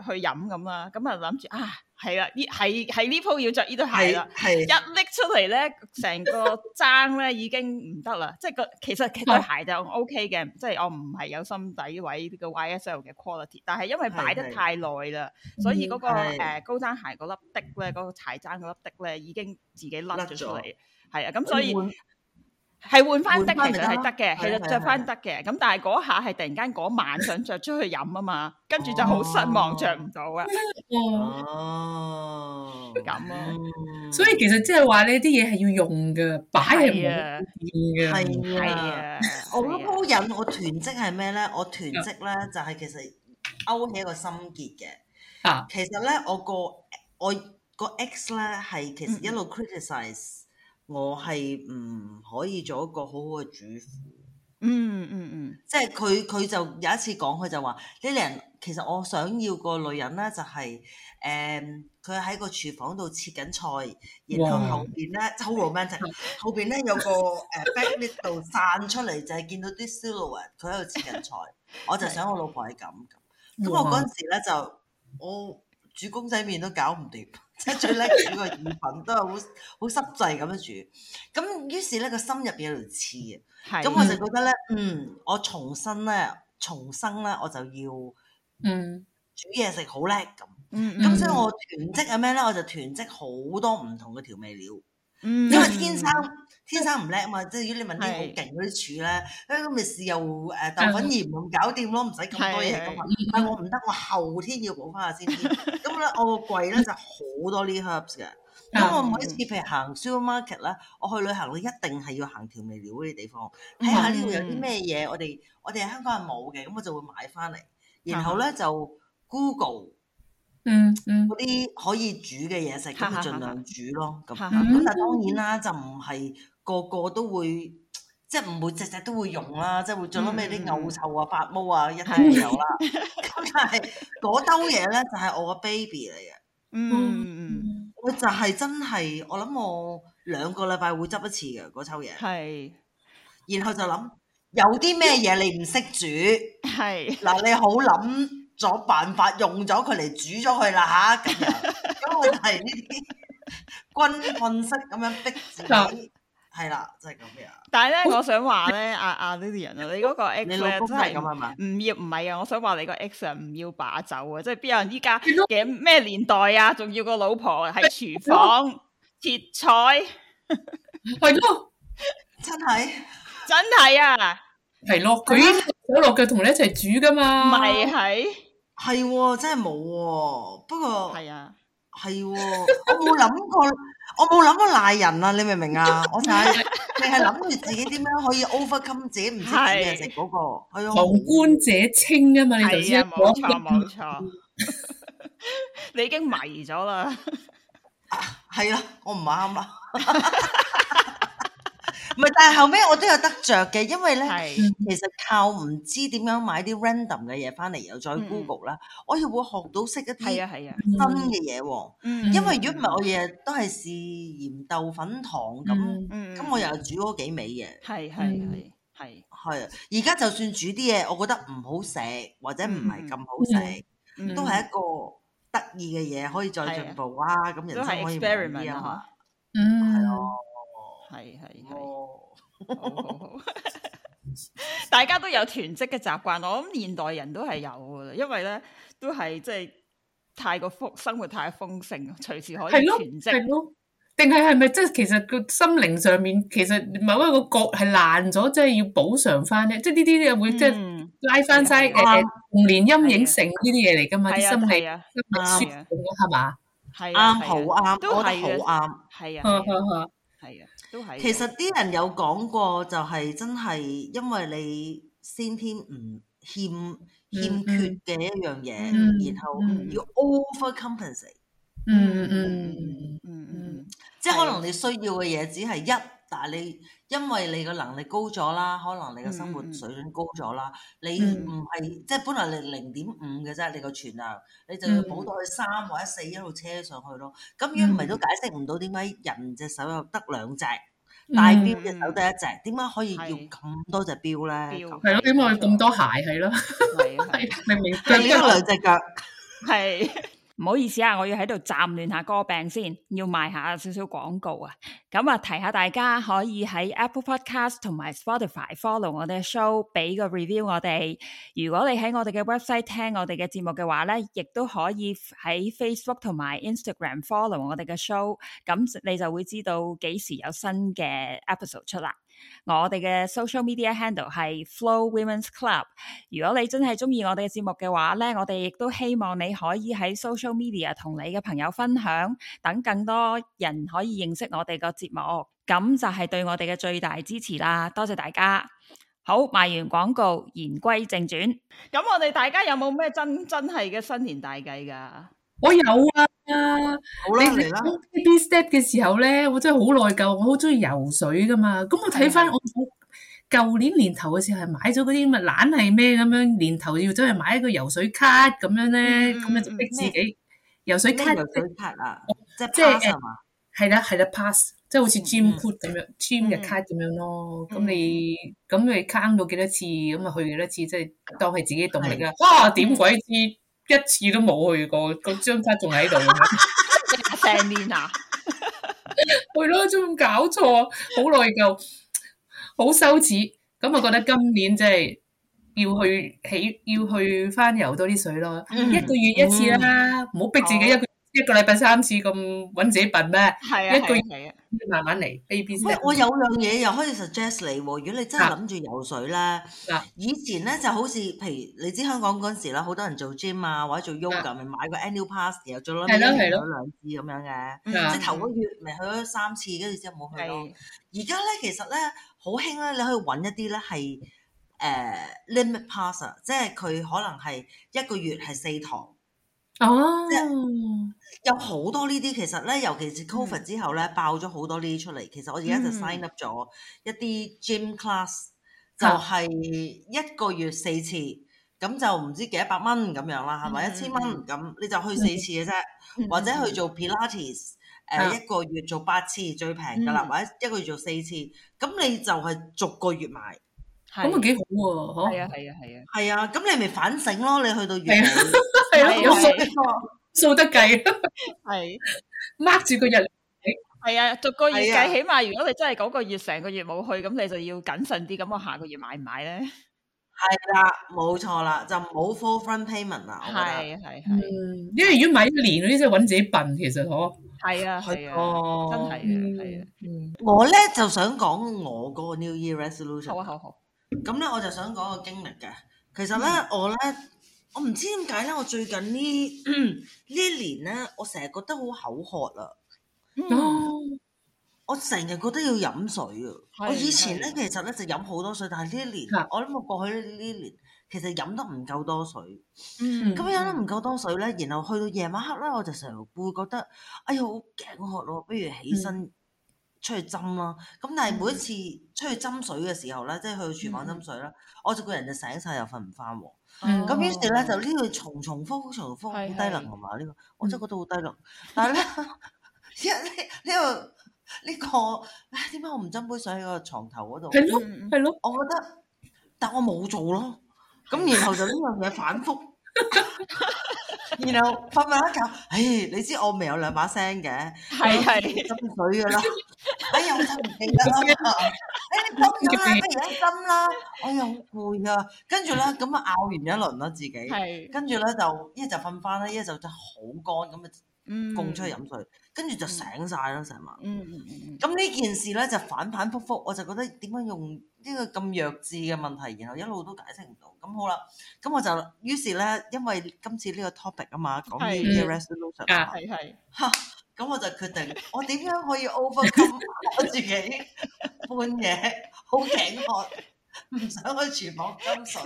去飲咁啦，咁啊諗住啊係啦，呢係係呢鋪要着呢對鞋啦，一拎出嚟咧，成個踭咧已經唔得啦，即係個其實對鞋就 O K 嘅，即係、嗯、我唔係有心底位呢個 Y S L 嘅 quality，但係因為擺得太耐啦，所以嗰個高踭鞋嗰粒滴咧，嗰是個柴踭嗰粒滴咧已經自己甩咗出嚟，係啊了，咁所以。係換翻得，其實係得嘅，其實着翻得嘅。咁但係嗰下係突然間嗰晚想着出去飲啊嘛，跟住就好失望着唔到啊。哦，咁。所以其實即係話呢啲嘢係要用嘅，擺係冇用嘅。係啊，我覺得勾引我囤積係咩咧？我囤積咧就係其實勾起一個心結嘅。啊。其實咧，我個我個 X 咧係其實一路 criticise。我係唔可以做一個好好嘅主婦。嗯嗯嗯，hmm. 即係佢佢就有一次講，佢就話 Lilian，其實我想要個女人咧、就是，就係誒佢喺個廚房度切緊菜，然後後邊咧好 romantic。哇」ial, 後邊咧有個誒 backlit 度散出嚟，就係、是、見到啲 silhouette 佢喺度切緊菜。我就想我老婆係咁咁。咁哇我嗰陣時咧就我煮公仔麵都搞唔掂。即係 最叻煮嘅意粉，都係好好濕滯咁樣煮。咁於是咧，個心入邊有條刺啊。咁的我就覺得咧，嗯，我重新咧，重生咧，我就要煮嗯煮嘢食好叻咁。咁所以我囤積係咩咧？我就囤積好多唔同嘅調味料。嗯、因為天生天生唔叻啊嘛，即係如果你問啲好勁嗰啲廚咧，咁咪豉油誒豆粉鹽咁搞掂咯，唔使咁多嘢嘅嘛。但係我唔得，我後天要補翻下先。咁咧， 我個櫃咧就好、是、多呢 herbs 嘅。咁我每一次譬如行 supermarket 啦，我去旅行我一定係要行調味料嗰啲地方，睇下呢度有啲咩嘢？我哋我哋香港係冇嘅，咁我就會買翻嚟，然後咧就 Google、嗯。嗯嗯嗯，嗰啲可以煮嘅嘢食，咁我盡量煮咯咁。咁但係當然啦，就唔係個個都會，即係唔會隻隻都會用啦，即係會做多咩啲牛臭啊、發毛啊一啲都有啦。咁但係嗰兜嘢咧就係我個 baby 嚟嘅。嗯嗯嗯，我就係真係，我諗我兩個禮拜會執一次嘅嗰抽嘢。係，然後就諗有啲咩嘢你唔識煮？係嗱，你好諗。咗辦法，用咗佢嚟煮咗佢啦吓，咁我係呢啲軍訓式咁樣逼自己，係啦， 真係咁樣。但係咧，我想話咧，阿阿呢啲人啊，Lilian，你嗰個 ex 真係唔要，唔係啊，我想話你個 ex 唔要擺酒啊，即係邊有人依家嘅咩年代啊，仲要個老婆喺廚房切 鐵菜，係咯，真係真係啊，係咯，佢。我落腳同你一齊煮噶嘛，咪係係喎，真係冇喎，不過係啊，係喎， 我冇諗過，我冇諗過賴人啊，你明唔明啊？ 我就係、是，你係諗住自己點樣可以 overcome 自己唔識煮嘢食嗰個，去旁觀者清啊嘛，你頭先講嘅，你已經迷咗啦，係 啊，我唔啱啊。唔係，但係後尾我都有得着嘅，因為咧，其實靠唔知點樣買啲 random 嘅嘢翻嚟，又再 Google 啦，我又會學到識一啲新嘅嘢。嗯，因為如果唔係，我日日都係試鹽豆粉糖咁，咁我又煮嗰幾味嘢。係係係係係，而家就算煮啲嘢，我覺得唔好食或者唔係咁好食，都係一個得意嘅嘢，可以再進步啊！咁人生可以嘅嘛？嗯，係啊。係係係，係係好好好 大家都有囤積嘅習慣。我諗現代人都係有噶，因為咧都係即係太過豐生活太豐盛，隨時可以囤積。係咯 ，定係係咪即係其實個心靈上面其實某一個角係爛咗，即係要補償翻咧。即係呢啲你會即係拉翻晒。哇、啊，童、啊、年陰影成呢啲嘢嚟噶嘛？啲的的心理，啱 啊，係嘛？係啱，好啱，都係好啱。係啊，係啊。啊其實啲人有講過，就係真係因為你先天唔欠欠缺嘅一樣嘢，mm hmm. 然後要 overcompensate，嗯嗯嗯嗯嗯嗯，即係可能你需要嘅嘢只係一，mm hmm. 但係你。因為你個能力高咗啦，可能你個生活水準高咗啦，嗯、你唔係即係本來你零點五嘅啫，你個存量，你就要補到去三或者四一路車上去咯。咁、嗯、樣唔係都解釋唔到點解人隻手又得兩隻，嗯、大表隻手得一隻，點解可以要咁多隻表咧？係咯標 這樣，點解要咁多鞋？係咯，係 的明明因為兩隻腳係。唔好意思啊，我要喺度暫亂下歌病先，要賣下少少廣告啊。咁、嗯、啊，提下大家可以喺 Apple Podcast 同埋 Spotify follow 我哋嘅 show，俾個 review 我哋。如果你喺我哋嘅 website 聽我哋嘅節目嘅話咧，亦都可以喺 Facebook 同埋 Instagram follow 我哋嘅 show，咁你就會知道幾時有新嘅 episode 出啦。我哋嘅 social media handle 係 Flo Women's Club。如果你真係中意我哋嘅節目嘅話咧，我哋亦都希望你可以喺 social media 同你嘅朋友分享，等更多人可以認識我哋個節目，咁就係對我哋嘅最大支持啦。多謝大家。好，賣完廣告，言歸正傳。咁我哋大家有冇咩真真係嘅新年大計㗎？我有啊。啊！你啦。B-step 嘅時候咧，我真係好內疚。我好中意游水噶嘛，咁我睇翻我舊年年頭嘅時候係買咗嗰啲咪懶係咩咁樣？年頭要走去買一個游水卡咁樣咧，咁樣逼自己游水卡啊，即係 pass 係啦係啦 pass，即係好似 gym card 咁樣，gym 嘅 card 咁樣咯。咁你咁你坑到幾多次，咁啊去幾多次，即係當係自己動力啊！啊，點鬼知？一次都冇去過，個張卡仲喺度。成年啊，係咯，仲搞錯，好內疚，好羞恥。咁我覺得今年真係要去起，要去翻游多啲水咯。Mm, um, 一個月一次啦，唔好逼自己一個一個禮拜三次咁搵自己笨咩？oh. 係啊，一個月。慢慢嚟 A、B、C。喂，我有樣嘢又可以 suggest 你喎。如果你真係諗住游水咧，以前咧就好似，譬如你知香港嗰陣時啦，好多人做 gym 啊，或者做 yoga，咪買個 annual pass，又做咗一兩次咁樣嘅。即係頭個月咪去咗三次，跟住之後冇去咯。而家咧其實咧好興咧，你可以搵一啲咧係誒 limit pass，即係佢可能係一個月係四堂。哦。有好多呢啲，其實咧，尤其是 COVID 之後咧，爆咗好多呢啲出嚟。其實我而家就 sign up 咗一啲 gym class，就係一個月四次，咁就唔知幾多百蚊咁樣啦，係咪一千蚊咁？你就去四次嘅啫，或者去做 pilates，誒一個月做八次最平噶啦，或者一個月做四次，咁你就係逐個月買。咁啊幾好喎！嚇係啊係啊係啊！係啊，咁你咪反省咯，你去到完係啊數得計，係 mark 住個日，係啊，逐個月計，起碼如果你真係嗰個月成個月冇去，咁你就要謹慎啲。咁我下個月買唔買咧？係啦，冇錯啦，就冇 full front payment 啦。係係係，因為如果買一年，嗰啲真係搵自己笨，其實嗬。係啊係啊，真係係啊。我咧就想講我個 New Year Resolution，好啊好啊。咁咧我就想講個經歷嘅，其實咧我咧。我唔知點解咧，我最近呢呢一年咧，我成日覺得好口渴啦。我成日覺得要飲水啊。我以前咧，其實咧就飲好多水，但係呢一年，我諗我過去呢呢年，其實飲得唔夠多水。咁樣飲得唔夠多水咧，然後去到夜晚黑咧，我就成日會覺得，哎呀好頸渴咯，不如起身出去斟啦。咁但係每一次出去斟水嘅時候咧，即係去到廚房斟水啦，我就個人就醒晒又瞓唔翻。咁、嗯、於是咧就呢度重重複複重複複，好低能係嘛？呢個我真係覺得好低能，但係咧呢呢、 呢個呢、呢個唉，點解我唔斟杯水喺個床頭嗰度？係咯係咯，我覺得，咯但我冇做咯，咁然後就呢樣嘢反覆。 然後瞓埋一覺，唉、哎，你知我未有兩把聲嘅，係係是是，浸水噶啦，哎呀，唔辛苦啊，哎，你斟啦，不如斟啦，哎呀，好攰啊，跟住咧咁啊，拗完一輪啦自己，係是，跟住咧就一就瞓翻啦，一就真好乾咁啊，嗯，供出去飲水，跟住就醒晒啦成晚，嗯嗯嗯，咁呢件事咧就反反覆覆，我就覺得點樣用呢個咁弱智嘅問題，然後一路都解釋唔到。咁好啦，咁我就於是咧，因為今次呢個 topic 啊嘛，講呢個 resolution 的啊，係咁、啊、我就決定我點樣可以 overcome 我 自己半夜好頸渴，唔想去廚房斟水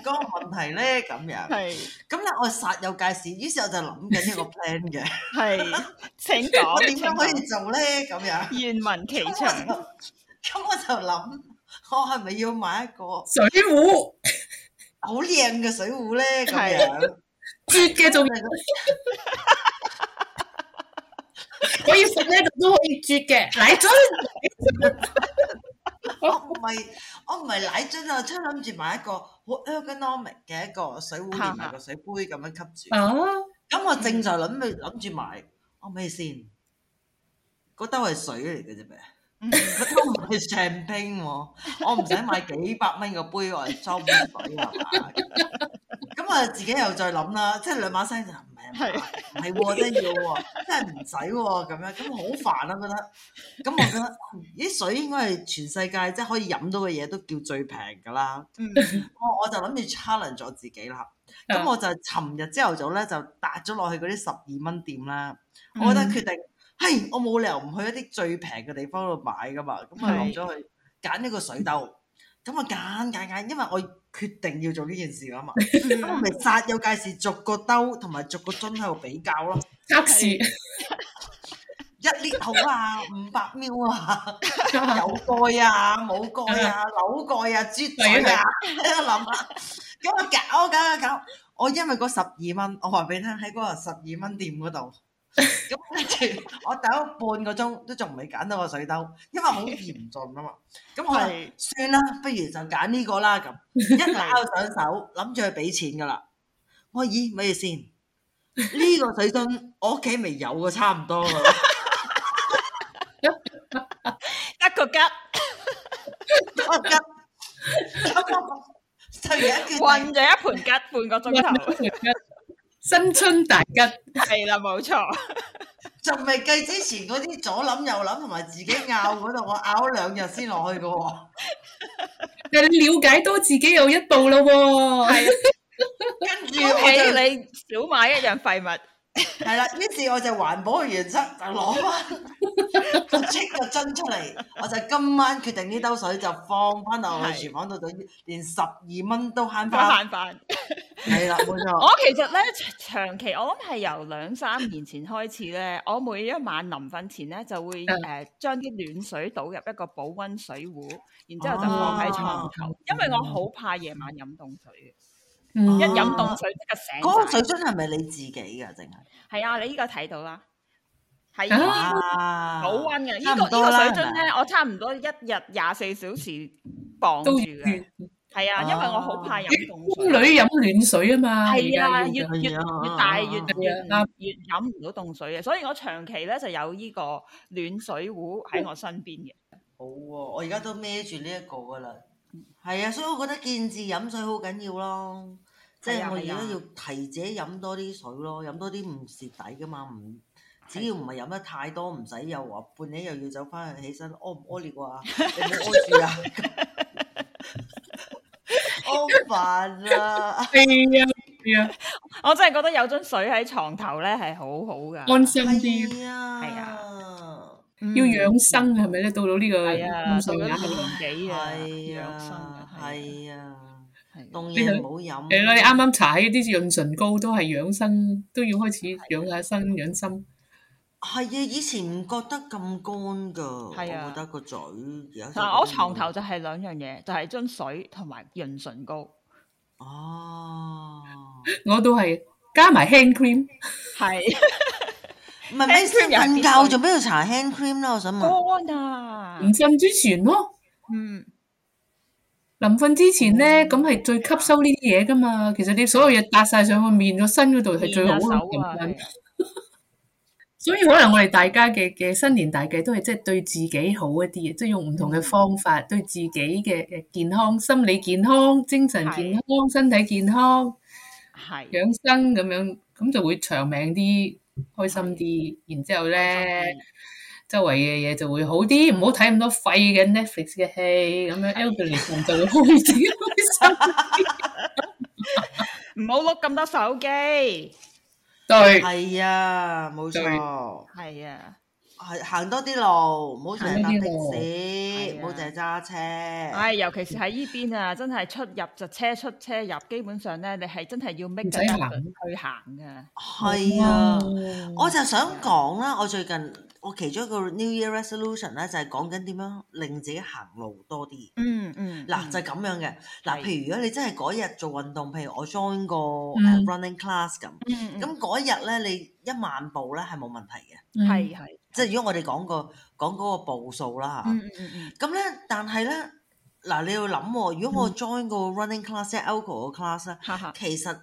嗰、那個問題咧咁樣。係的，咁咧我煞有介事，於是我就諗緊呢個 plan 嘅。係，請講點 樣可以做咧？咁問樣，願聞其詳。咁我就諗，我係咪要買一個水壺？好靚嘅水壺咧，咁樣啜嘅仲我要食呢度都可以啜嘅奶樽。我唔係，我唔係奶樽啊！我真諗住買一個好 economic 嘅一個水壺 連埋個水杯咁樣吸住。咁、 嗯、我正在諗住諗住買，我咩先？嗰兜係水嚟嘅啫咩？都唔係 champagne 我唔使買幾百蚊個杯裝水， 嗯、 我係裝杯水啊嘛。咁啊，自己又再諗啦，即係兩把聲就唔係，唔係真要、哦，真係唔使咁樣，咁好煩啊！覺得，咁我覺得咦，水應該係全世界即係可以飲到嘅嘢都叫最平噶啦。我、嗯、我就諗住 challenge 咗自己啦。咁我就尋日朝頭早咧就搭咗落去嗰啲十二蚊店啦。我覺得決定、嗯。係、哎，我冇理由唔去一啲最平嘅地方度買噶嘛，咁啊諗咗去揀呢個水兜、嗯，咁啊揀揀揀，因為我決定要做呢件事啊嘛，咁我咪煞有介事逐個兜同埋逐個樽喺度比較咯，即時毒事 一列好 啊，五百毫升啊，有蓋啊，冇蓋啊，扭蓋啊，絕對啊，諗啊，咁啊搞搞搞，我因為個十二蚊，我話俾你聽喺嗰個十二蚊店嗰度。咁跟住， 我等咗半個鐘都仲未揀到個水兜，因為好嚴峻啊嘛。咁 我係算啦，不如就揀呢個啦。咁一揀上手，諗住去俾錢噶啦。我話咦乜嘢先？呢、這個水樽我屋企未有嘅，差唔多。一吉吉吉吉吉，混咗一盤吉半個鐘頭。 新春大吉，係啦， 冇錯，仲未計之前嗰啲 左諗右諗同埋自己拗嗰度，我拗兩日先落去噶， 你了解多自己又一步咯，係，跟住恭喜你少買一樣廢物，係 啦， 於是我環 restroom，就環保嘅原則就攞翻。 我傾個樽出嚟，我就今晚決定呢兜水就放翻落去廚房度度，couples, io, 連十二蚊都慳翻。慳翻係啦，冇錯。 我其實咧長期，我諗係由兩三年前開始咧，Blair g interf drink 我每一晚臨瞓前咧就會誒將啲暖水倒入一個保溫水壺，然之後就放喺床頭，因為我好怕夜晚飲凍水嘅。一飲凍水即刻醒。嗰 Unbelievable s ut scraps 個水樽係咪你自己噶？淨係係啊，你呢個睇到啦。 係啊，保溫嘅呢個呢個水樽咧，嗎我差唔多一日廿四小時綁住嘅。係啊，因為我好怕飲凍水。婦女飲暖水啊嘛，係啊，越越，越大越、啊、越越飲唔到凍水嘅，所以我長期咧就有呢個暖水壺喺我身邊嘅、啊。好喎，我而家都孭住呢一個噶啦。係啊，所以我覺得見字飲水好緊要咯，即係我而家要提自己飲多啲水咯，飲多啲唔蝕底噶嘛，唔。只要唔係飲得太多，唔使又話，半夜又要走翻去起身，屙唔屙尿啊？你唔好屙住啊？好煩啊係啊，我真係覺得有樽水喺床頭咧，係好好噶，安心啲。係啊，要養生係咪咧？到到呢個五十幾啊，養生係啊，係啊，當然唔好飲。係咯，你啱啱搽啲潤唇膏都係養生，都要開始養下身、養心。係啊，以前唔覺得咁乾噶係啊，覺得個嘴而家。嗱，我床頭就係兩樣嘢，就係樽水同埋潤唇膏。哦，我都係加埋 hand cream。係，唔係咩？瞓覺仲邊度搽 hand cream 咧？我想問。乾啊！唔浸之前咯。嗯。臨瞓之前咧，咁係最吸收呢啲嘢噶嘛？其實你所有嘢搭晒上個面個身嗰度係最好咯，認真。所以可能我哋大家嘅嘅新年大計都係即係對自己好一啲嘅，即係用唔同嘅方法，uh, 對，對自己嘅誒健康、心理健康、精神健康、身體健康，係養生咁樣，咁就會長命啲、開心啲。然之後咧，周圍嘅嘢就會好啲，唔好睇咁多廢嘅 Netflix 嘅戲咁樣。Elly，o 我就會開心啲，唔好碌咁多手機。係啊，冇對對錯，係啊，係行多啲路，唔好成日搭的士，唔好成日揸車。唉、哎，尤其是喺依邊啊，真係出入就車出車入，基本上咧，你係真係要搣住去行噶。係啊對，哇我就想講啦，對我最近。我其中一個 New Year resolution 咧，就係、是、講緊點樣令自己行路多啲、嗯。嗯嗯，嗱就咁、是、樣嘅。嗱，譬如如果你真係嗰日做運動，譬如我 join、嗯、個 running class 咁，咁嗰一日咧，你一萬步咧係冇問題嘅。係係、嗯，即係如果我哋講,過講過個講嗰步數啦吓、嗯。嗯嗯咁咧，但係咧，嗱你要諗、哦，如果我 join、嗯、個 running class, 個 class、outdoor class 咧，嗯、其實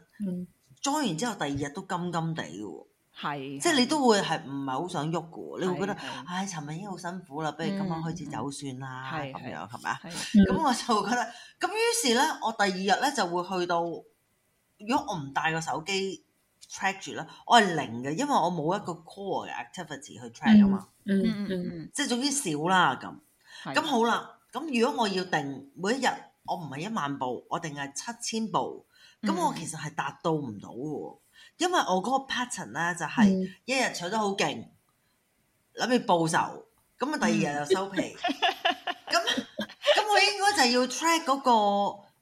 join 完之後第二日都金金地嘅喎。係，是即係你都會係唔係好想喐嘅，你會覺得，唉是，尋日已經好辛苦啦，嗯、不如今晚開始走算啦，咁是樣係咪啊？咁是我就會覺得，咁於是咧，我第二日咧就會去到，如果我唔帶個手機 track 住啦。我係零嘅，因為我冇一個 core 嘅 activity 去 track 啊嘛。嗯嗯嗯嗯，嗎嗯即係總之少啦咁。咁的好啦，咁如果我要定每一日我唔係一萬步，我定係七千步，咁我其實係達到唔到嘅。嗯嗯因為我嗰個 pattern 咧，就係、是嗯、一日搶得好勁，諗住報仇，咁啊第二日就收皮，咁咁 我應該就要 check 嗰個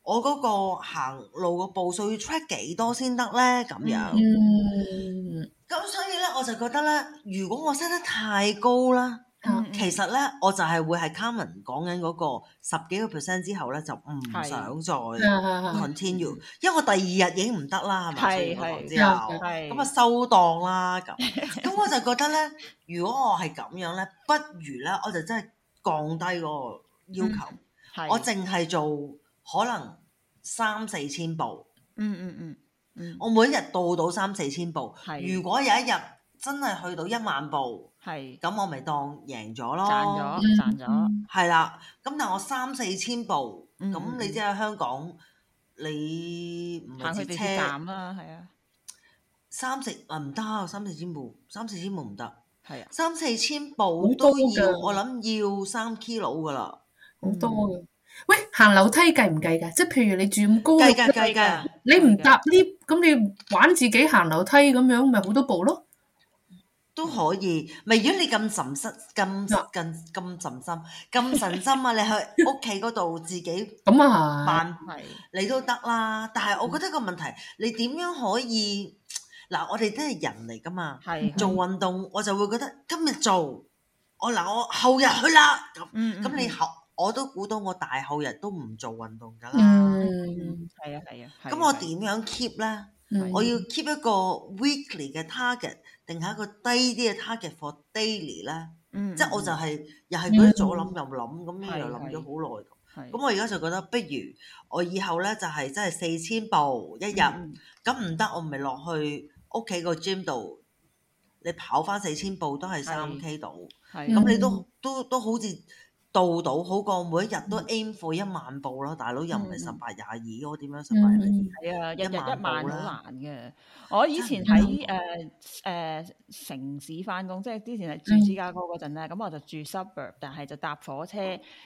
我嗰個行路個步數要 check 幾多先得咧咁樣，咁、嗯、所以咧我就覺得咧，如果我升得太高啦～Mm hmm. 其實咧，我就係會係 Carmen 講緊嗰、那個十幾個 percent 之後咧，就唔想再 continue，因為我第二日已經唔得啦，係咪？之後咁啊收檔啦咁，咁 我就覺得咧，如果我係咁樣咧，不如咧，我就真係降低嗰個要求，mm hmm. 我淨係做可能三四千步，嗯嗯嗯我每一日到到三四千步，mm hmm. 如果有一日真係去到一萬步。係，咁我咪當贏咗咯，賺咗賺咗，係啦。咁但係我三四千步，咁你知喺香港，你行佢地少減啦，係啊。三四啊唔得，三四千步，三四千步唔得，係啊。三四千步好多噶都要，我諗要三 kilo 噶啦，好多噶。喂，行樓梯計唔計噶？即係譬如你住咁高，計噶計噶。你唔搭 lift，咁你玩自己行樓梯咁樣，咪好多步咯。都可以，咪如果你咁沉心、咁咁咁沉心、咁神心啊， 你去屋企嗰度自己咁啊，辦你都得啦。但係我覺得個問題，你點樣可以嗱？我哋都係人嚟噶嘛，係做運動，我就會覺得今日做，我嗱我後日去啦。咁咁、嗯嗯、你後，我都估到我大後日都唔做運動噶啦。係啊係啊，咁我點樣 keep 咧？我要 keep 一個 weekly 嘅 target。定係一個低啲嘅 target for daily 咧，嗯、即係我就係、是嗯、又係嗰啲左諗右諗，咁、嗯、又諗咗好耐。咁是我而家就覺得，是是不如我以後咧就係真係四千步一日，咁唔得我咪落去屋企個 gym 度，你跑翻四千步都係三 K 度，咁你都是、嗯、都都，都好似。到到好過每一日都 aim for 一萬步啦，大佬又唔係十八廿二，我點樣十八廿二？係啊，日日一萬好難嘅。我以前喺誒誒城市翻工，即係之前係住芝加哥嗰陣咧，咁、嗯、我就住 suburb，但係就搭火車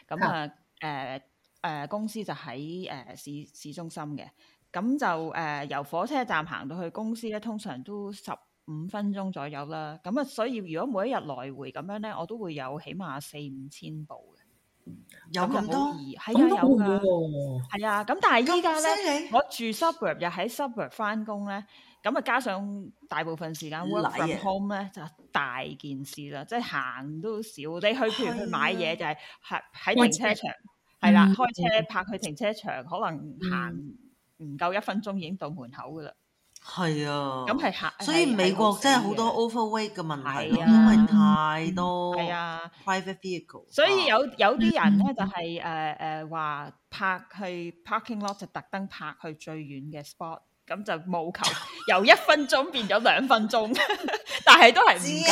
咁啊誒誒公司就喺誒、uh, 市市中心嘅，咁就誒、uh, 由火車站行到去公司咧，通常都十五分鐘左右啦。咁啊，所以如果每一日來回咁樣咧，我都會有起碼四五千步。有咁多，咁都好多喎。係、嗯、啊、咁、嗯、但係依家咧，害我住 suburb 又喺 suburb 翻工咧，咁啊加上大部分時間 work from home 咧，就大件事啦。即係行都少，你去譬如去買嘢、啊、就係喺喺停車場，係啦、嗯啊，開車泊去停車場，可能行唔夠一分鐘已經到門口噶啦。係啊，咁係客，所以美國真係好多 overweight 嘅問題啊，因為太多啊 private vehicle 啊。啊、所以有有啲人咧就係誒誒話泊去 parking lot 就特登泊去最遠嘅 spot，咁就務求由一分鐘變咗兩分鐘， 但係都係唔夠嘅，自欺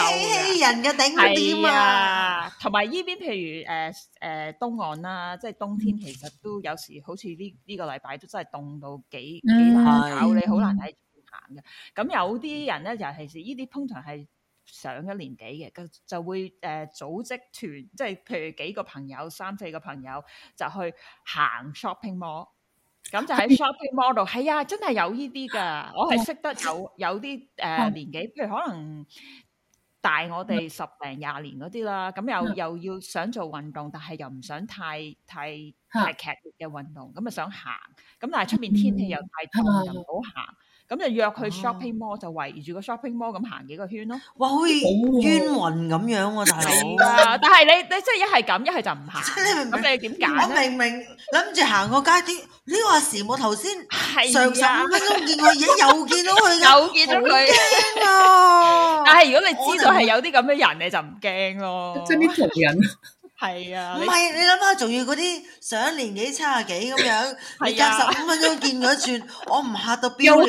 欺人嘅頂點啊！同埋依邊譬如誒誒、呃呃、東岸啦、啊，即、就、係、是、冬天其實都有時好似呢呢個禮拜都真係凍到幾幾難搞，你好難喺～咁有啲人咧，尤其是呢啲通常係上咗年紀嘅，就就會誒、呃、組織團，即係譬如幾個朋友，三四個朋友就去行 shopping mall，咁就喺 shopping mall 度，係啊，真係有呢啲噶，我係 識得有有啲誒、呃、是的 年紀，譬如可能大我哋十零廿年嗰啲啦，咁又、嗯、又要想做運動，但係又唔想太太太劇烈嘅運動，咁啊、嗯她嗯、想行，咁但係出面天氣又太凍，又唔好行。arriba 咁就約佢 shopping mall，就圍住個 shopping mall 咁行幾個圈咯。哇，好似冤魂咁樣啊，大佬！好、 啊、但係你你，你即係一係咁，一係就唔行。即係你明唔明？咁你點揀？我明明諗住行個街啲呢 個時我上上上個，我頭先上十五分鐘見過，而家又見到佢 又見到佢。驚啊！ 但係如果你知道係有啲咁嘅人，你就唔驚咯。即係呢群人。係啊，唔係你諗下，仲要嗰啲上年幾七廿幾咁樣，你隔十五分鐘見咗轉，我唔吓到 Billie 度。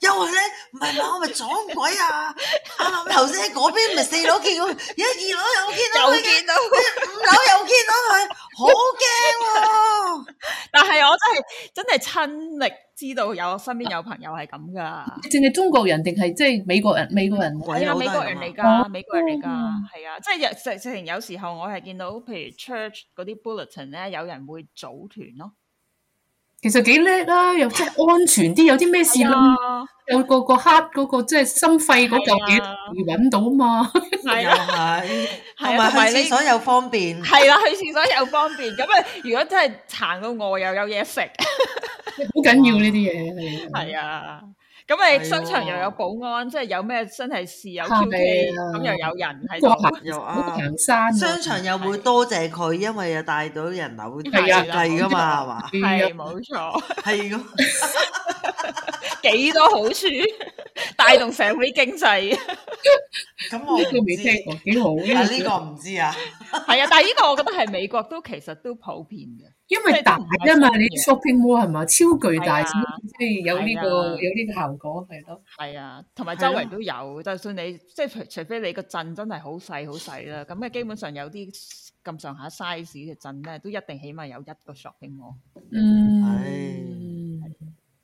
因為咧，唔係我咪撞鬼啊！啱啱頭先喺嗰邊，咪係四樓見到佢，而家二樓又見到佢，五 樓又見到佢，好驚、啊！但係我真係真係親力。知道有身邊有朋友係咁噶，淨係中國人定係即係美國人？美國人鬼啊、嗯， 美國人嚟㗎，美國人嚟㗎，係啊，即係成成成，有時候我係見到譬如 church 嗰啲 bulletin 咧，有人會組團咯。其實幾叻啦，又即係安全啲，有啲咩事啦，哎、呀有個個 cut 嗰個即係心肺嗰嚿嘢易揾到嘛，係啊，同咪？去廁所又方便，係啦 去廁所又方便，咁啊，如果真係殘到餓又有嘢食，好緊要呢啲嘢係啊。哎呀咁、 嗯、你商場又有保安，即係有咩真係事有 QK，咁的、嗯、又有人喺度。又啱，啊、商場又會多謝佢，因為又帶到人流，係啊，係噶嘛，係嘛，係冇錯，係噶，幾多好處，帶動社會經濟。咁 我都未 聽過，幾好啊？呢 個唔知啊，係 啊， 但係呢個我覺得係美國都其實都普遍嘅。因為大啫嘛，你 shopping mall 係嘛，超巨大，即係有呢個有呢個效果，係咯。係啊，同埋周圍都有，就算你即係除除非你個鎮真係好細好細啦，咁嘅基本上有啲咁上下 size 嘅鎮咧，都一定起碼有一個 shopping mall。嗯。係。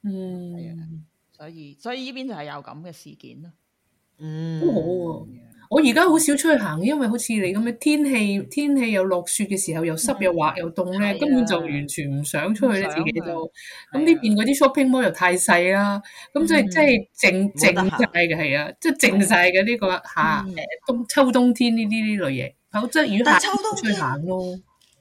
嗯。係啊，所以所以呢邊就係有咁嘅事件咯。嗯。都好啊。我而家好少出去行，因為好似你咁嘅天氣天氣又落雪嘅時候又濕又滑又凍咧，根本就完全唔想出去咧，自己就咁呢邊嗰啲 shopping mall 又太細啦，咁所以即係靜靜晒嘅係啊，即係靜晒嘅呢個吓，冬秋冬天呢啲呢類嘢，否則雨下唔出去行咯。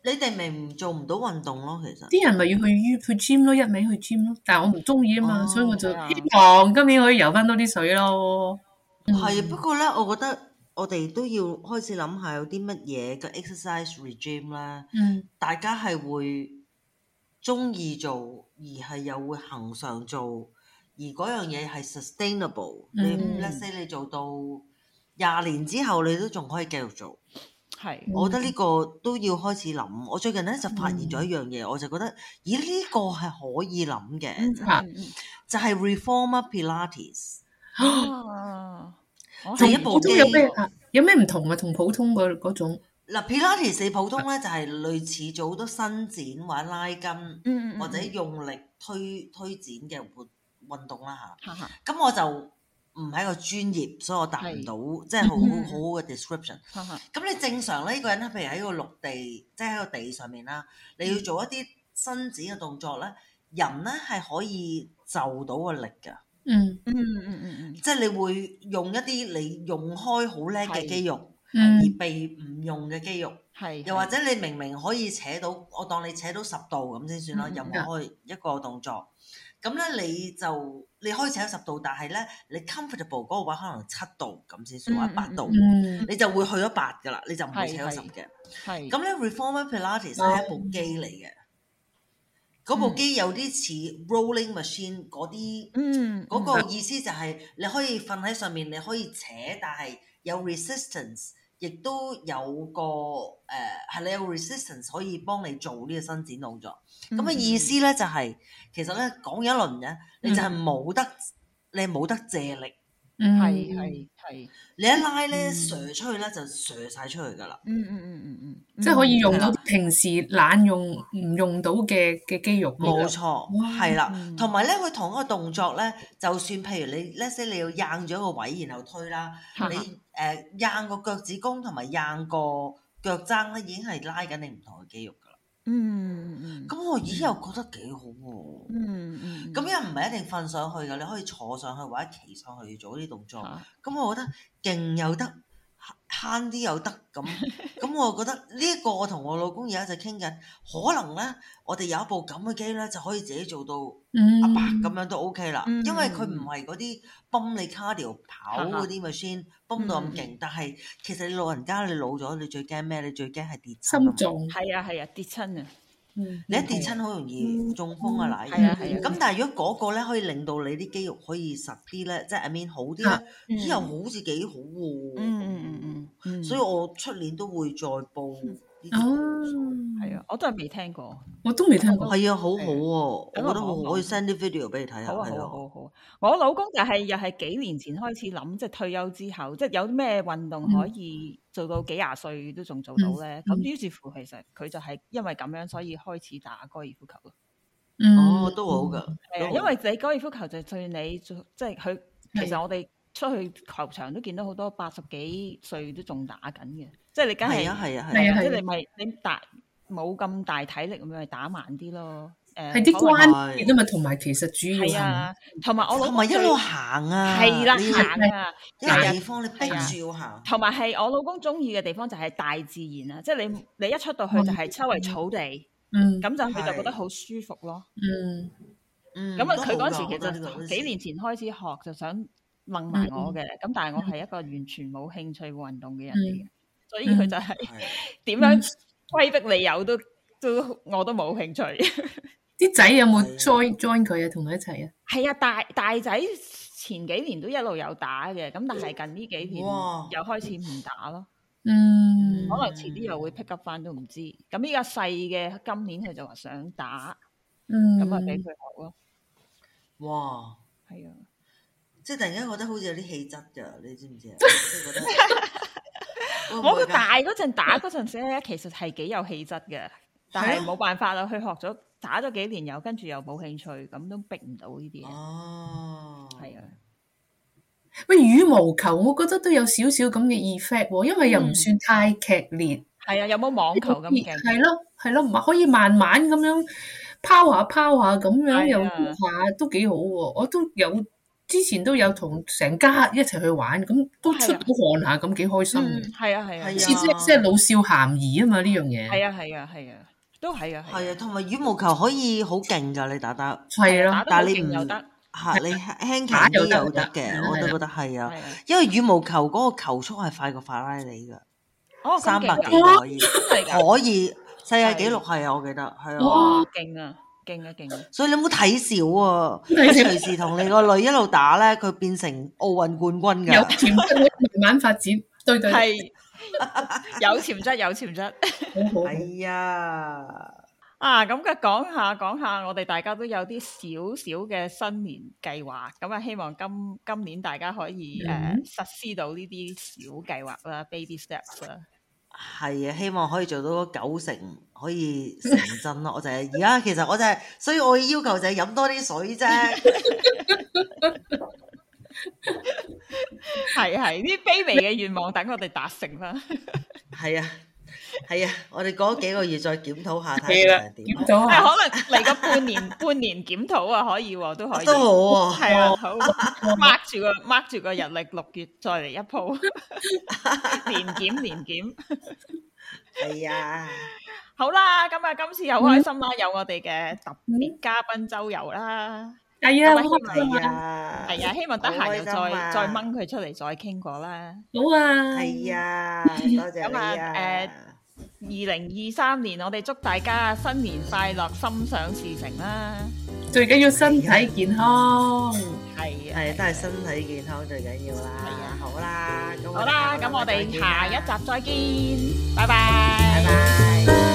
你哋咪唔做唔到運動咯，其實啲人咪要去去 gym 咯，一味去 gym 咯，但係我唔中意啊嘛，所以我就希望今年可以游翻多啲水咯。係啊，不過咧，我覺得。我哋都要開始諗下有啲乜嘢嘅 exercise regime 啦。嗯、大家係會鍾意做，而係又會恒常做，而嗰樣嘢係 sustainable、嗯。你唔叻 e 你做到廿年之後，你都仲可以繼續做。係，嗯、我覺得呢個都要開始諗。我最近咧就發現咗一樣嘢，嗯、我就覺得，咦呢、呢個係可以諗嘅。的就係 reformer pilates 的。啊。做一部機有咩唔同啊？同普通嗰嗰種嗱普拉提四普通咧就係、是、類似做好多伸展、或者拉筋，嗯嗯或者用力推推展嘅活運動啦吓，咁、嗯嗯、我就唔係個專業，所以我答唔到即係好好嘅 description。咁、嗯嗯、你正常咧，呢、這個人咧，譬如喺個陸地，即、就、喺、是、個地上面啦，你要做一啲伸展嘅動作咧，嗯、人咧係可以就到個力㗎。嗯嗯嗯嗯嗯，mm, mm, mm, mm, 即係你會用一啲你用開好叻嘅肌肉，mm, 而被唔用嘅肌肉，係是又或者你明明可以扯到，我當你扯到十度咁先算啦，的任何去一個動作，咁咧你就你可以扯到十度，但係咧你 comfortable 嗰個位可能七度咁先算，或八度，你就會去咗八噶啦，你就唔會扯到十嘅。係咁咧，Reformer Pilates 係一部機嚟嘅。嗰部機有啲似 rolling machine 嗰啲，嗰、那個意思就係你可以瞓喺上面，你可以扯，但係有 resistance，亦都有個誒係、呃、你有 resistance 可以幫你做呢個伸展動作。咁、那、嘅、個、意思咧就係、是，其實咧講一輪嘅，你就係冇得，你冇得借力。嗯，係係係，你一拉咧，削、嗯、出去咧就削晒出去噶啦。嗯嗯嗯嗯嗯，即係可以用到平時懶用唔用到嘅嘅肌肉。冇錯、嗯，係啦的，同埋咧，佢同一個動作咧，就算譬如你那些你要硬咗個位，然後推啦，啊、你誒硬個腳趾弓，同埋硬個腳踭咧，已經係拉緊你唔同嘅肌肉。嗯嗯嗯，嗯我以後又覺得幾好喎、啊嗯。嗯嗯，咁又唔係一定瞓上去嘅，你可以坐上去或者騎上去做啲動作。咁、啊、我覺得勁有得。慳啲又得咁，咁我覺得呢一個我同我老公而家就傾緊，可能咧我哋有一部咁嘅機咧就可以自己做到阿伯咁樣都 OK 啦，因為佢唔係嗰啲泵你卡條跑嗰啲咪先泵到咁勁，但係其實你老人家你老咗，你最驚咩？你最驚係跌親。心臟。係啊係啊，跌親啊！你一跌親好容易中風啊嗱，係啊，係啊，咁但係如果嗰個咧可以令到你啲肌肉可以實啲咧，即係阿面好啲啊，之後好似幾好喎。嗯嗯嗯嗯，所以我出年都會再報呢個。哦，係啊，我都係未聽過，我都未聽過，係啊，好好喎。咁我可唔可以 send 啲 video 俾你睇下？係啊，好好好。我老公就係又係幾年前開始諗，即係退休之後，即係有咩運動可以。做到幾廿歲都仲做到咧，咁、嗯、於是乎其實佢就係因為咁樣，所以開始打高爾夫球咯。嗯，哦、嗯，都好噶，因為你高爾夫球就對你，即係佢其實我哋出去球場都見到好多八十幾歲都仲打緊嘅，即係你梗係，係啊，係啊，即係的你咪你打冇咁大體力咪打慢啲咯。係啲關，咁啊同埋其實主要係啊，同埋我老公同埋一路行啊，係啦行啊，啲地方你拍照行。同埋係我老公中意嘅地方就係大自然啦，即係你你一出到去就係周圍草地，嗯，咁就佢就覺得好舒服咯，嗯咁啊，佢嗰時其實幾年前開始學，就想問埋我嘅，咁但係我係一個完全冇興趣運動嘅人嚟嘅，所以佢就係點樣威逼你有都都我都冇興趣。啲仔有冇 join join 佢啊？同佢一齊啊？係啊，大大仔前幾年都一路有打嘅，咁但係近呢幾年又開始唔打咯。嗯，可能遲啲又會 pick up 翻，都唔知。咁呢個細嘅今年佢就話想打，咁啊俾佢學咯。哇，係啊，即係突然間覺得好似有啲氣質嘅，你知唔知啊？ 我個大嗰陣打嗰陣時咧，其實係幾有氣質嘅，但係冇辦法啦，佢學咗。打咗幾年又跟住，又冇興趣，咁都逼唔到呢啲嘢哦，係啊。喂、啊，羽毛球我覺得都有少少咁嘅 effect，因為又唔算太劇烈。係、嗯、啊，有冇網球咁劇烈？係咯、啊，係咯、啊啊，可以慢慢咁樣拋下拋下樣，咁樣又下都幾好喎、啊。我都有之前都有同成家一齊去玩，咁都出到汗下，咁幾、啊、開心。嗯，係啊，係啊，即啊。即係老少咸宜啊嘛呢樣嘢。係、這個、啊，係啊，係啊。都係啊，係啊，同埋羽毛球可以好勁噶，你打打，脆咯，但係你唔，係你輕巧啲又得嘅，我都覺得係啊。因為羽毛球嗰個球速係快過法拉利噶，三百幾可以，可以，世界紀錄係啊，我記得係啊，勁啊，勁啊，勁啊！所以你冇睇少啊，佢隨時同你個女一路打咧，佢變成奧運冠軍噶，慢慢發展，對對係。 有潛質，有潛質，係 呀、啊，啊咁佢講下，講下，我哋大家都有啲少少嘅新年計劃，咁啊，希望今今年大家可以誒、嗯啊、實施到呢啲小計劃啦，baby steps 啦。係啊，希望可以做到九成可以成真咯。我就係而家， 其實我就係、是，所以我要求就係飲多啲水啫。 係係，啲卑微嘅願望等我哋達成啦。係 啊係啊，我哋過幾個月再檢討下，睇、啊、下點。檢、 哎、可能嚟個半年， 半年檢討啊，可以、啊，都可以，啊、都好、啊。係 啊，好，mark、啊、 住個 mark 住個日曆，六月再嚟一鋪，年檢年檢。係 啊，好啦、啊，咁啊今次又好開心啦，有我哋嘅特別嘉賓周游啦。係啊，開心啊！係啊，希望得閒又再再掹佢出嚟，再傾過啦。好啊，係啊，多謝咁啊！誒，二零二三年我哋祝大家新年快樂，心想事成啦。最緊要身體健康，係啊，係都係身體健康最緊要啦。係啊，好啦，好啦，咁我哋下一集再見，拜拜，拜拜。